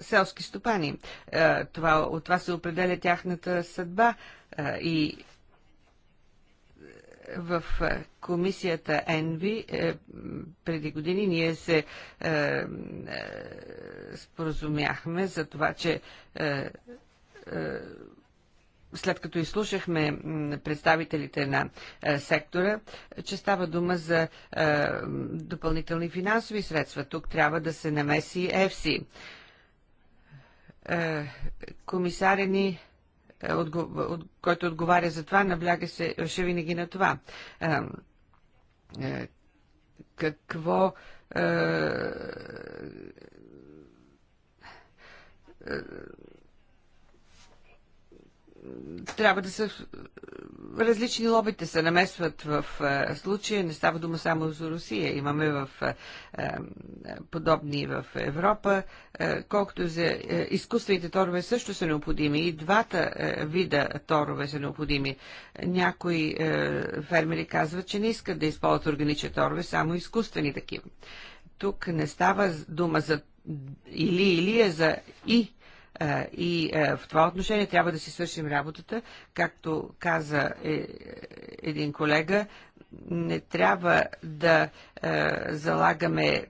селски стопани. Е, това, от това се определя тяхната съдба е, и в комисията ЕНВИ преди години ние се е, е, споразумяхме за това, че е, е след като изслушахме представителите на е, сектора, че става дума за е, допълнителни финансови средства. Тук трябва да се намеси ЕФСИ. Е, комисаря ни който отговаря за това, набляга се винаги на това. Какво трябва да са е, различни лобите се намесват в е, случая. Не става дума само за Русия. Имаме в е, подобни в Европа. колкото за изкуствените торове също са необходими. И двата вида торове са необходими. Някои фермери казват, че не искат да използват органични торове, само изкуствени такива. Тук не става дума за или или е за и и в това отношение трябва да си свършим работата. Както каза е, един колега, не трябва да залагаме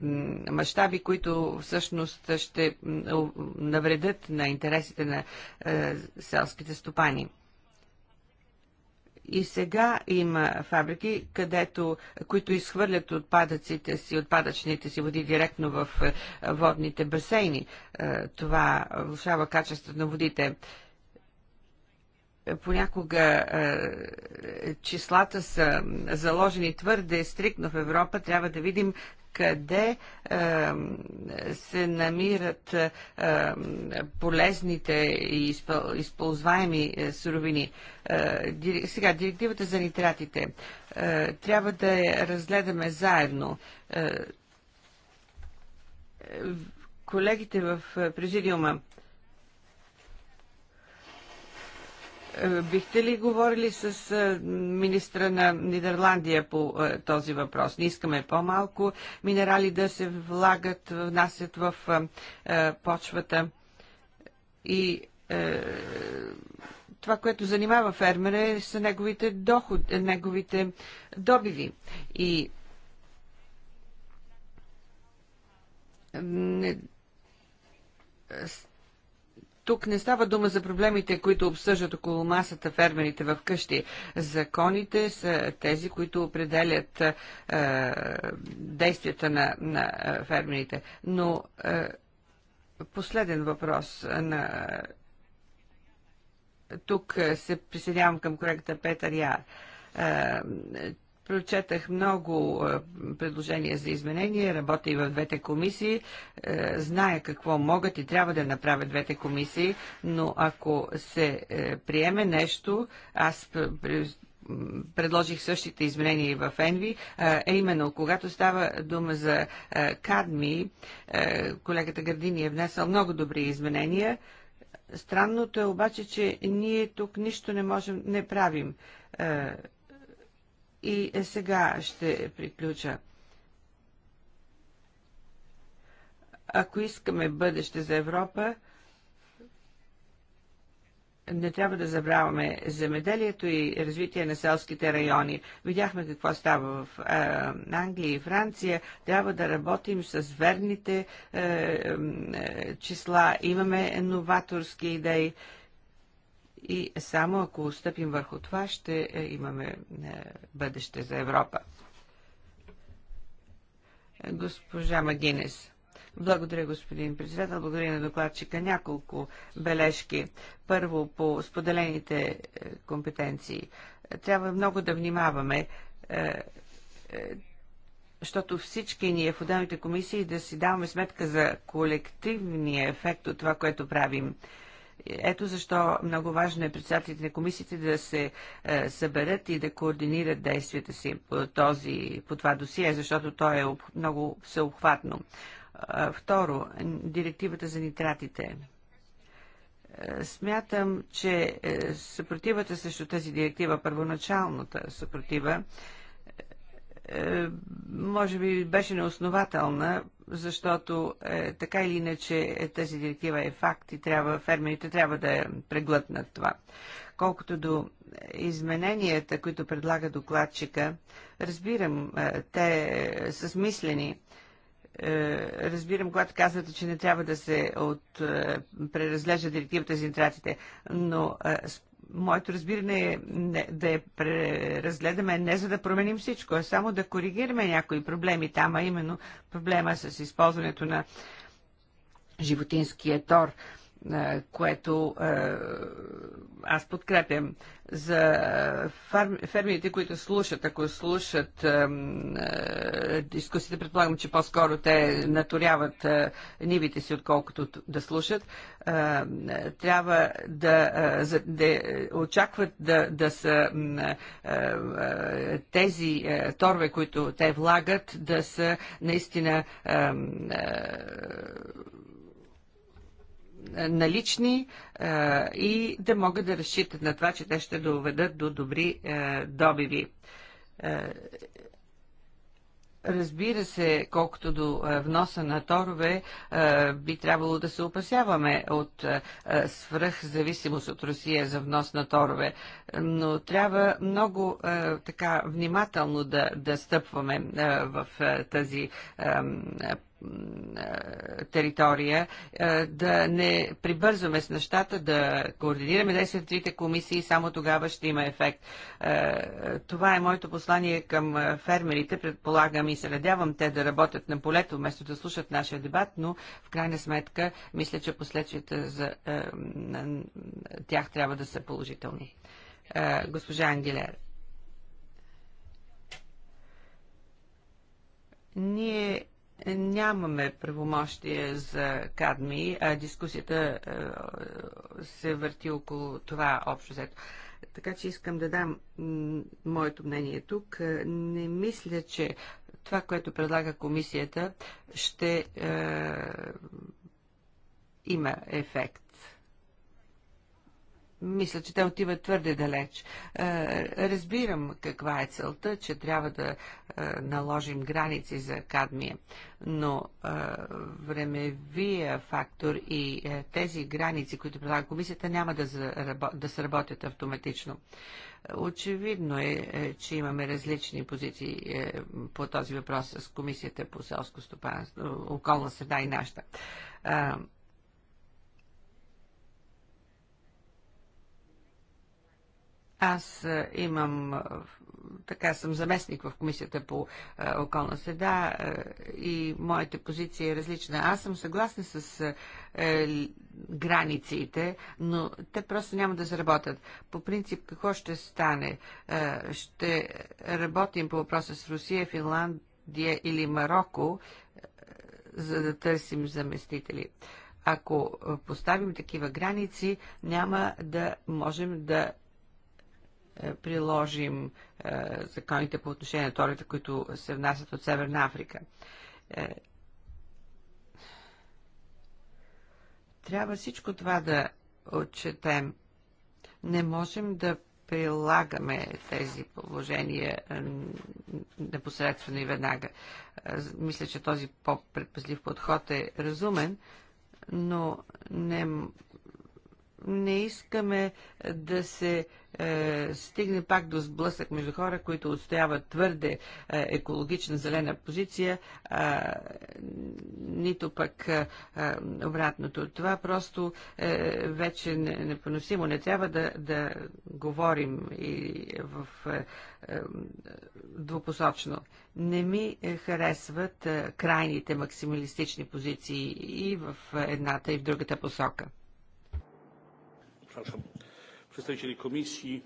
мащаби, които всъщност ще навредят на интересите на селските стопани. И сега има фабрики, където, които изхвърлят отпадъците си, отпадъчните си води директно в е, водните басейни. Е, това влушава качеството на водите е, понякога числата са заложени твърде стрикно в Европа, трябва да видим къде се намират полезните и използваеми е, суровини. Е, сега, директивата за нитратите. Е, трябва да я разгледаме заедно колегите в президиума Е, бихте ли говорили с е, министра на Нидерландия по е, този въпрос? Не искаме по-малко минерали да се влагат, внасят в почвата. И това, което занимава фермера, са неговите, доход, неговите добиви. И не, тук не става дума за проблемите, които обсъждат около масата фермерите в къщи. Законите са тези, които определят е, действията на, на е, фермерите. Но е, последен въпрос на... Тук се присъединявам към колегата Петър Яр. Е, Прочетах много е, предложения за изменения, работя и в двете комисии, е, зная какво могат и трябва да направят двете комисии, но ако се е, приеме нещо, аз предложих същите изменения и в Енви, е именно когато става дума за кадми, колегата Гърдини е внесъл много добри изменения. Странното е обаче, че ние тук нищо не можем, не правим. И е сега ще приключа. Ако искаме бъдеще за Европа, не трябва да забравяме земеделието и развитие на селските райони. Видяхме какво става в е, Англия и Франция. Трябва да работим с верните е, е, числа. Имаме новаторски идеи и само ако стъпим върху това, ще е, имаме е, бъдеще за Европа. Госпожа Магинес. Благодаря, господин председател. Благодаря на докладчика. Няколко бележки. Първо, по споделените е, компетенции. Трябва много да внимаваме, защото всички ние в отделните комисии да си даваме сметка за колективния ефект от това, което правим. Ето защо много важно е председателите на комисиите да се е, съберат и да координират действията си по, този, по това досие, защото то е об, много всеобхватно. Е, второ, директивата за нитратите. Е, смятам, че е, съпротивата срещу тази директива, първоначалната съпротива, е, е, може би беше неоснователна, защото е, така или иначе е, тази директива е факт и трябва, фермерите трябва да преглътнат това. Колкото до измененията, които предлага докладчика, разбирам, е, те са смислени. Е, разбирам, когато казвате, че не трябва да се от, е, преразглежда директивата за интратите. но е, моето разбиране е да я разгледаме не за да променим всичко, а само да коригираме някои проблеми там, а именно проблема с използването на животинския тор което аз подкрепям. За фермерите, които слушат, ако слушат дискусията, предполагам, че по-скоро те наторяват нивите си, отколкото да слушат, трябва да, да очакват да, да са тези торве, които те влагат, да са наистина налични е, и да могат да разчитат на това, че те ще доведат до добри е, добиви. Е, разбира се, колкото до вноса на торове, би трябвало да се опасяваме от свръхзависимост от Русия за внос на торове, но трябва много така внимателно да, да стъпваме в тази е, територия, е, да не прибързваме с нещата, да координираме действителните комисии, само тогава ще има ефект. Е, това е моето послание към фермерите. Предполагам и се надявам те да работят на полето, вместо да слушат нашия дебат, но в крайна сметка мисля, че последствията за тях трябва да са положителни. Госпожа Ангелер. Ние Нямаме правомощия за кадми, а дискусията е, се върти около това общо взето. Така че искам да дам моето мнение тук. Е, не мисля, че това, което предлага комисията, ще е, има ефект мисля, че те отиват твърде далеч. Е, разбирам каква е целта, че трябва да е, наложим граници за кадмия, но е, времевия фактор и тези граници, които предлага комисията, няма да, се да сработят автоматично. Очевидно е, че имаме различни позиции по този въпрос с комисията по селско стопанство, околна среда и нашата. Аз имам, така съм заместник в Комисията по околна среда и моята позиция е различна. Аз съм съгласна с е, границите, но те просто няма да заработят. По принцип, какво ще стане? Ще работим по въпроса с Русия, Финландия или Марокко, за да търсим заместители ако поставим такива граници, няма да можем да е, приложим е, законите по отношение на торите, които се внасят от Северна Африка. Е, трябва всичко това да отчетем. Не можем да прилагаме тези положения непосредствено и веднага. Мисля, че този по-предпазлив подход е разумен, но не не искаме да се е, стигне пак до сблъсък между хора, които отстояват твърде е, екологична зелена позиция, е, нито пък е, е, обратното. Това просто е, вече непоносимо. Не трябва да, да говорим и в е, е, двупосочно. Не ми е, харесват е, крайните максималистични позиции и в едната, и в другата посока przepraszam, przedstawicieli komisji,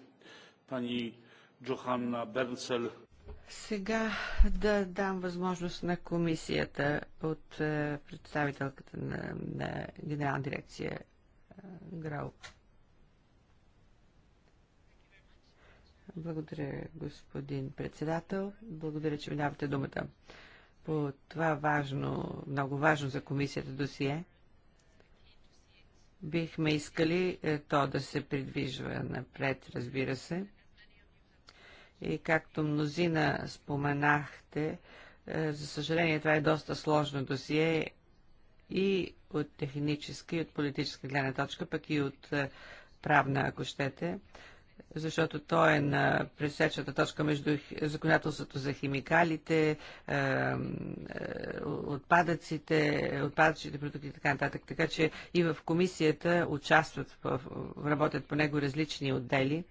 pani Джоханна Бернцел. Сега да дам възможност на комисията от е, представителката на, на генерална дирекция е, ГРАУ. Благодаря, господин председател. Благодаря, че ми давате думата по това важно, много важно за комисията досие. Бихме искали е, то да се придвижва напред, разбира се. И както мнозина споменахте, е, за съжаление това е доста сложно досие и от технически, и от политическа гледна точка, пък и от е, правна, ако щете защото то е на пресечната точка между законодателството за химикалите, е, е, отпадъците, отпадъчните продукти и така нататък. Така че и в комисията участват, в, работят по него различни отдели.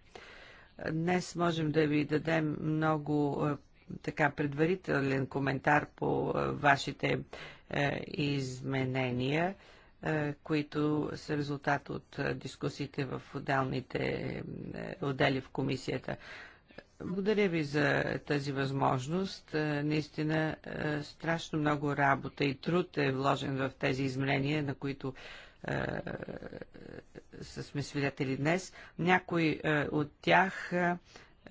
Днес можем да ви дадем много е, така предварителен коментар по вашите изменения които са резултат от дискусиите в отделните отдели в комисията. Благодаря ви за тази възможност. Наистина страшно много работа и труд е вложен в тези изменения, на които сме свидетели днес. Някои от тях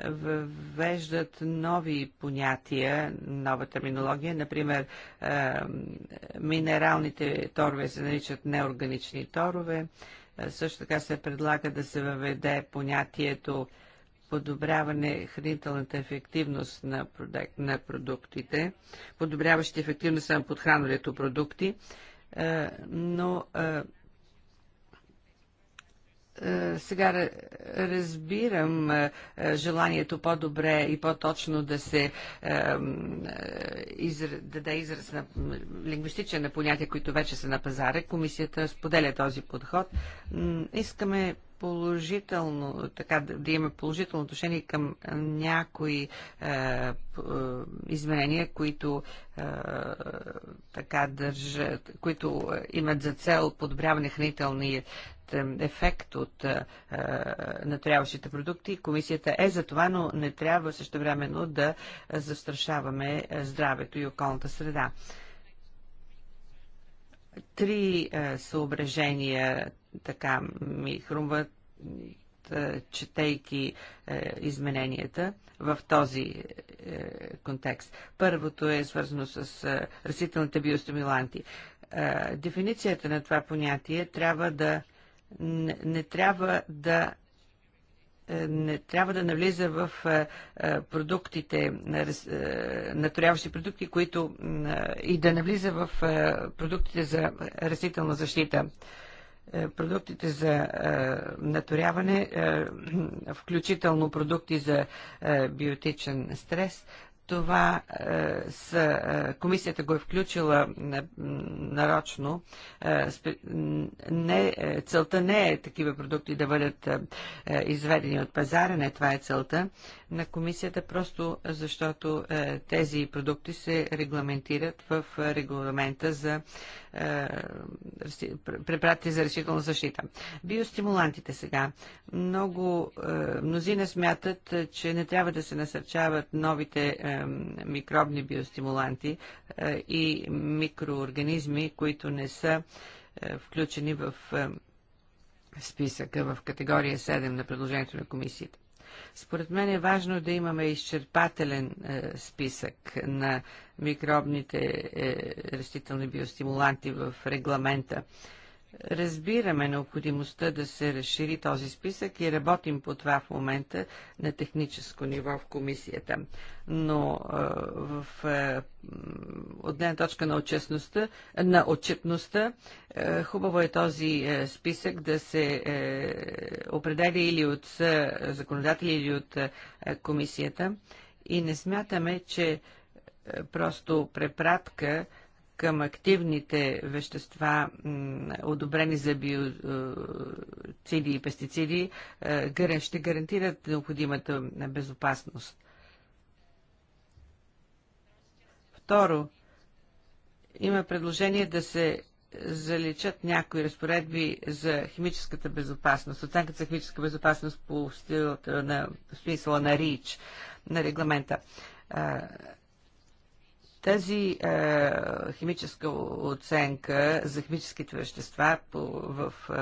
въвеждат нови понятия, нова терминология. Например, е, минералните торове се наричат неорганични торове. Е, също така се предлага да се въведе понятието подобряване хранителната ефективност на, продък, на продуктите, подобряващи ефективността на подхранването продукти, е, но е, сега разбирам е, е, желанието по-добре и по-точно да се даде израз на лингвистичен на понятия, които вече са на пазара. Комисията споделя този подход. Искаме положително, така да имаме положително отношение към някои е, изменения, които е, така държат, които имат за цел подобряване хранителния ефект от е, натряващите продукти. Комисията е за това, но не трябва също времено да застрашаваме здравето и околната среда три е, съображения така ми хрумват, е, четейки е, измененията в този е, контекст. Първото е свързано с е, растителните биостимуланти. Е, дефиницията на това понятие трябва да не, не трябва да е, не трябва да навлиза в е, продуктите, наторяващи продукти, които и да навлиза в продуктите за растителна защита. Е, продуктите за е, наторяване, е, включително продукти за биотичен стрес, това е, е, комисията го е включила е, нарочно. Е, не, е, целта не е такива продукти да бъдат е, изведени от пазара, не това е целта на комисията, просто защото е, тези продукти се регламентират в регламента за е, препаратите за решителна защита. Биостимулантите сега. Много е, мнозина смятат, че не трябва да се насърчават новите е, микробни биостимуланти и микроорганизми, които не са включени в списъка в категория 7 на предложението на комисията. Според мен е важно да имаме изчерпателен е, списък на микробните е, растителни биостимуланти в регламента. Е, Разбираме необходимостта да се разшири този списък и работим по това в момента на техническо ниво в комисията. Но е, в, е, от една точка на отчетността, на отчетността е, хубаво е този списък да се определя или от законодатели, или от комисията. И не смятаме, че просто препратка към активните вещества, одобрени за биоциди и пестициди, е, ще гарантират необходимата безопасност. Второ, има предложение да се заличат някои разпоредби за химическата безопасност, оценката за химическа безопасност по стилата на, смисъла на РИЧ, на регламента. Е, тази е, химическа оценка за химическите вещества по, в, е,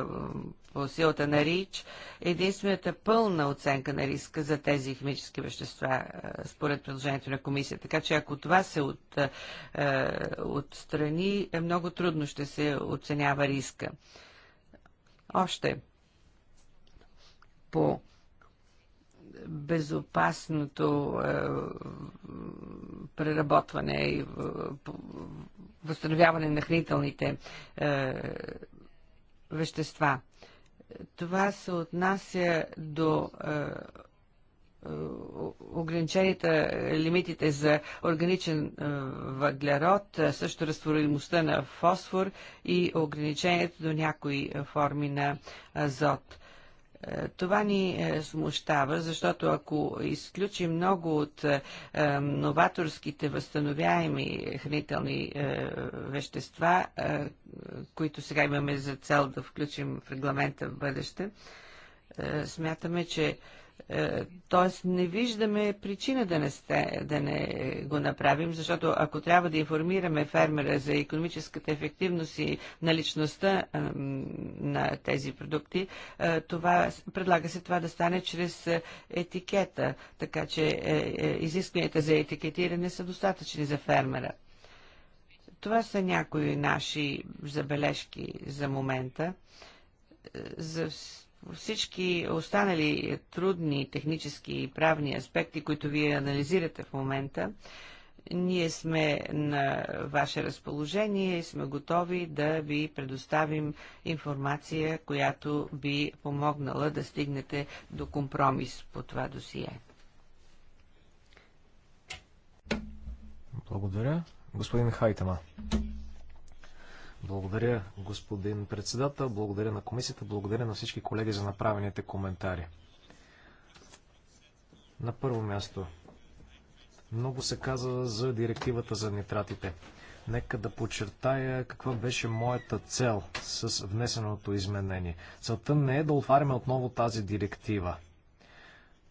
по силата на РИЧ е единствената пълна оценка на риска за тези химически вещества е, според предложението на комисията. Така че ако това се от, е, е отстрани, е, много трудно ще се оценява риска. Още по безопасното е, преработване и е, възстановяване на хранителните е, вещества. Това се отнася до ограниченията, лимитите за органичен въглерод, също разтворимостта на фосфор и ограничението до някои форми на азот. Е, това ни е, смущава, защото ако изключим много от е, новаторските възстановяеми хранителни вещества, които сега имаме за цел да включим в регламента в бъдеще, е, смятаме, че т.е. не виждаме причина да не, сте, да не го направим, защото ако трябва да информираме фермера за економическата ефективност и наличността на тези продукти, е, това, предлага се това да стане чрез е, етикета, така че изискванията за етикетиране са достатъчни за фермера. Това са някои наши забележки за момента. За всички останали трудни технически и правни аспекти, които вие анализирате в момента, ние сме на ваше разположение и сме готови да ви предоставим информация, която би помогнала да стигнете до компромис по това досие. Благодаря. Господин Хайтама. Благодаря, господин председател, благодаря на комисията, благодаря на всички колеги за направените коментари. На първо място, много се каза за директивата за нитратите. Нека да подчертая каква беше моята цел с внесеното изменение. Целта не е да отваряме отново тази директива.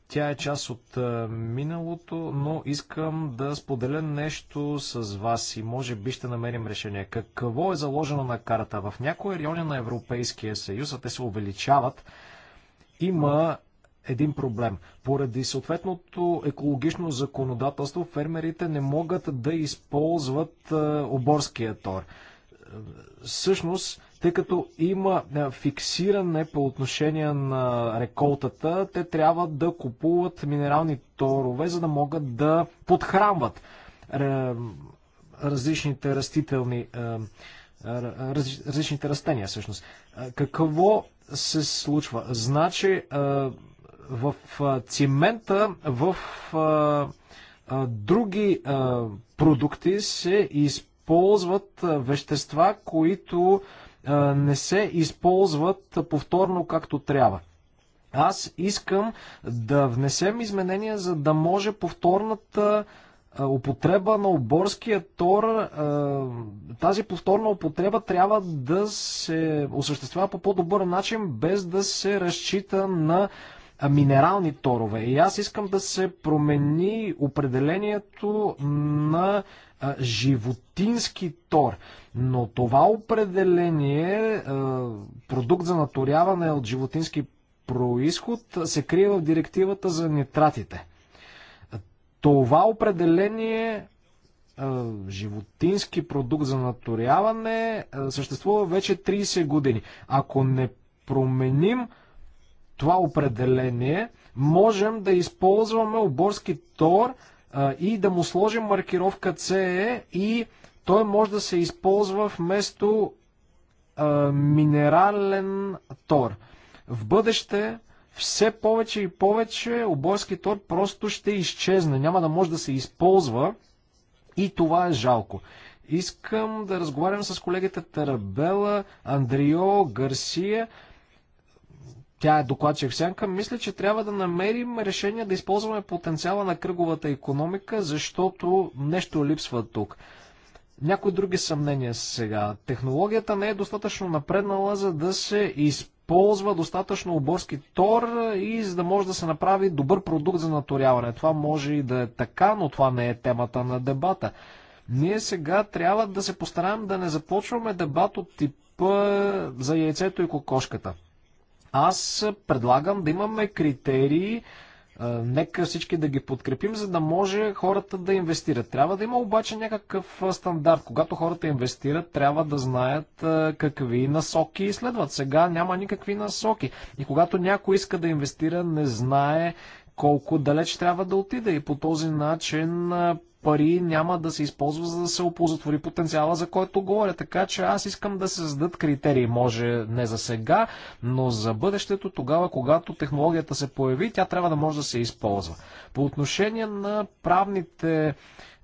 Тя е част от миналото, но искам да споделя нещо с вас и може би ще намерим решение. Какво е заложено на карта? В някои райони на Европейския съюз, а те се увеличават, има един проблем. Поради съответното екологично законодателство, фермерите не могат да използват оборския тор. Всъщност, тъй като има фиксиране по отношение на реколтата, те трябва да купуват минерални торове, за да могат да подхранват различните растителни различните растения всъщност. Какво се случва? Значи в цимента, в други продукти се използват вещества, които не се използват повторно както трябва. Аз искам да внесем изменения, за да може повторната употреба на оборския тор, тази повторна употреба трябва да се осъществява по по-добър начин, без да се разчита на минерални торове. И аз искам да се промени определението на животински тор. Но това определение, продукт за наторяване от животински происход, се крие в директивата за нитратите. Това определение животински продукт за наторяване съществува вече 30 години. Ако не променим това определение, можем да използваме оборски тор а, и да му сложим маркировка CE и той може да се използва вместо а, минерален тор. В бъдеще все повече и повече оборски тор просто ще изчезне, няма да може да се използва и това е жалко. Искам да разговарям с колегите Тарабела, Андрио, Гарсия тя е докладчик сянка, мисля, че трябва да намерим решение да използваме потенциала на кръговата економика, защото нещо липсва тук. Някои други съмнения сега. Технологията не е достатъчно напреднала, за да се използва достатъчно оборски тор и за да може да се направи добър продукт за наторяване. Това може и да е така, но това не е темата на дебата. Ние сега трябва да се постараем да не започваме дебат от тип за яйцето и кокошката – аз предлагам да имаме критерии, нека всички да ги подкрепим, за да може хората да инвестират. Трябва да има обаче някакъв стандарт. Когато хората инвестират, трябва да знаят какви насоки следват. Сега няма никакви насоки. И когато някой иска да инвестира, не знае колко далеч трябва да отиде. и по този начин пари няма да се използва, за да се оползотвори потенциала, за който говоря. Така че аз искам да се създадат критерии. Може не за сега, но за бъдещето, тогава, когато технологията се появи, тя трябва да може да се използва. По отношение на правните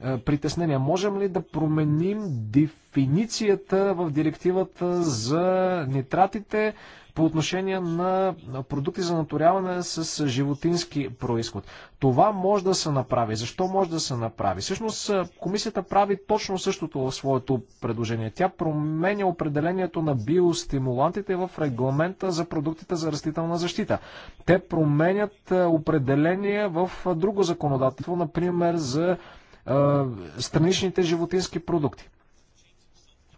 е, притеснения. Можем ли да променим дефиницията в директивата за нитратите по отношение на продукти за наторяване с животински происход? Това може да се направи. Защо може да се направи? Всъщност е, комисията прави точно същото в своето предложение. Тя променя определението на биостимулантите в регламента за продуктите за растителна защита. Те променят е, определение в друго законодателство, например за страничните животински продукти.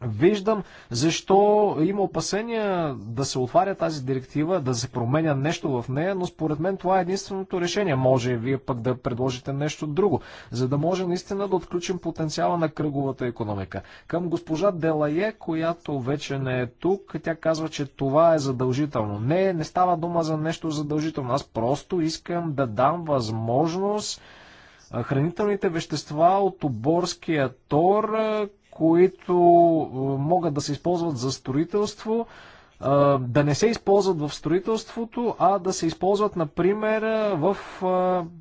Виждам защо има опасения да се отваря тази директива, да се променя нещо в нея, но според мен това е единственото решение. Може вие пък да предложите нещо друго, за да може наистина да отключим потенциала на кръговата економика. Към госпожа Делае, която вече не е тук, тя казва, че това е задължително. Не, не става дума за нещо задължително. Аз просто искам да дам възможност хранителните вещества от оборския тор, които могат да се използват за строителство, да не се използват в строителството, а да се използват, например, в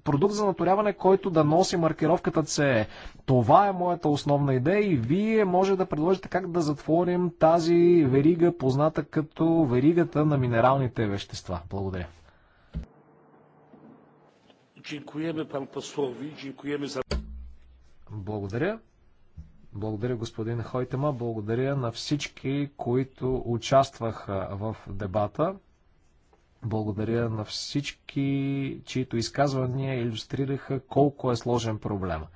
продукт за наторяване, който да носи маркировката CE. Това е моята основна идея и вие може да предложите как да затворим тази верига, позната като веригата на минералните вещества. Благодаря. Dziękujemy pan posłowi, dziękujemy za... Благодаря. Благодаря господин Хойтема, благодаря на всички, които участваха в дебата. Благодаря на всички, чието изказвания иллюстрираха колко е сложен проблема.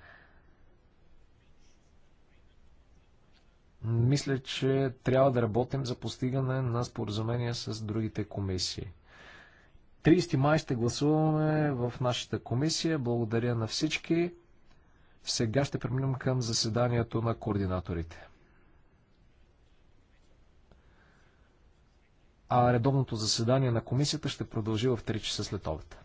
Мисля, че трябва да работим за постигане на споразумения с другите комисии. 30 май ще гласуваме в нашата комисия. Благодаря на всички. Сега ще преминем към заседанието на координаторите. А редовното заседание на комисията ще продължи в 3 часа след обед.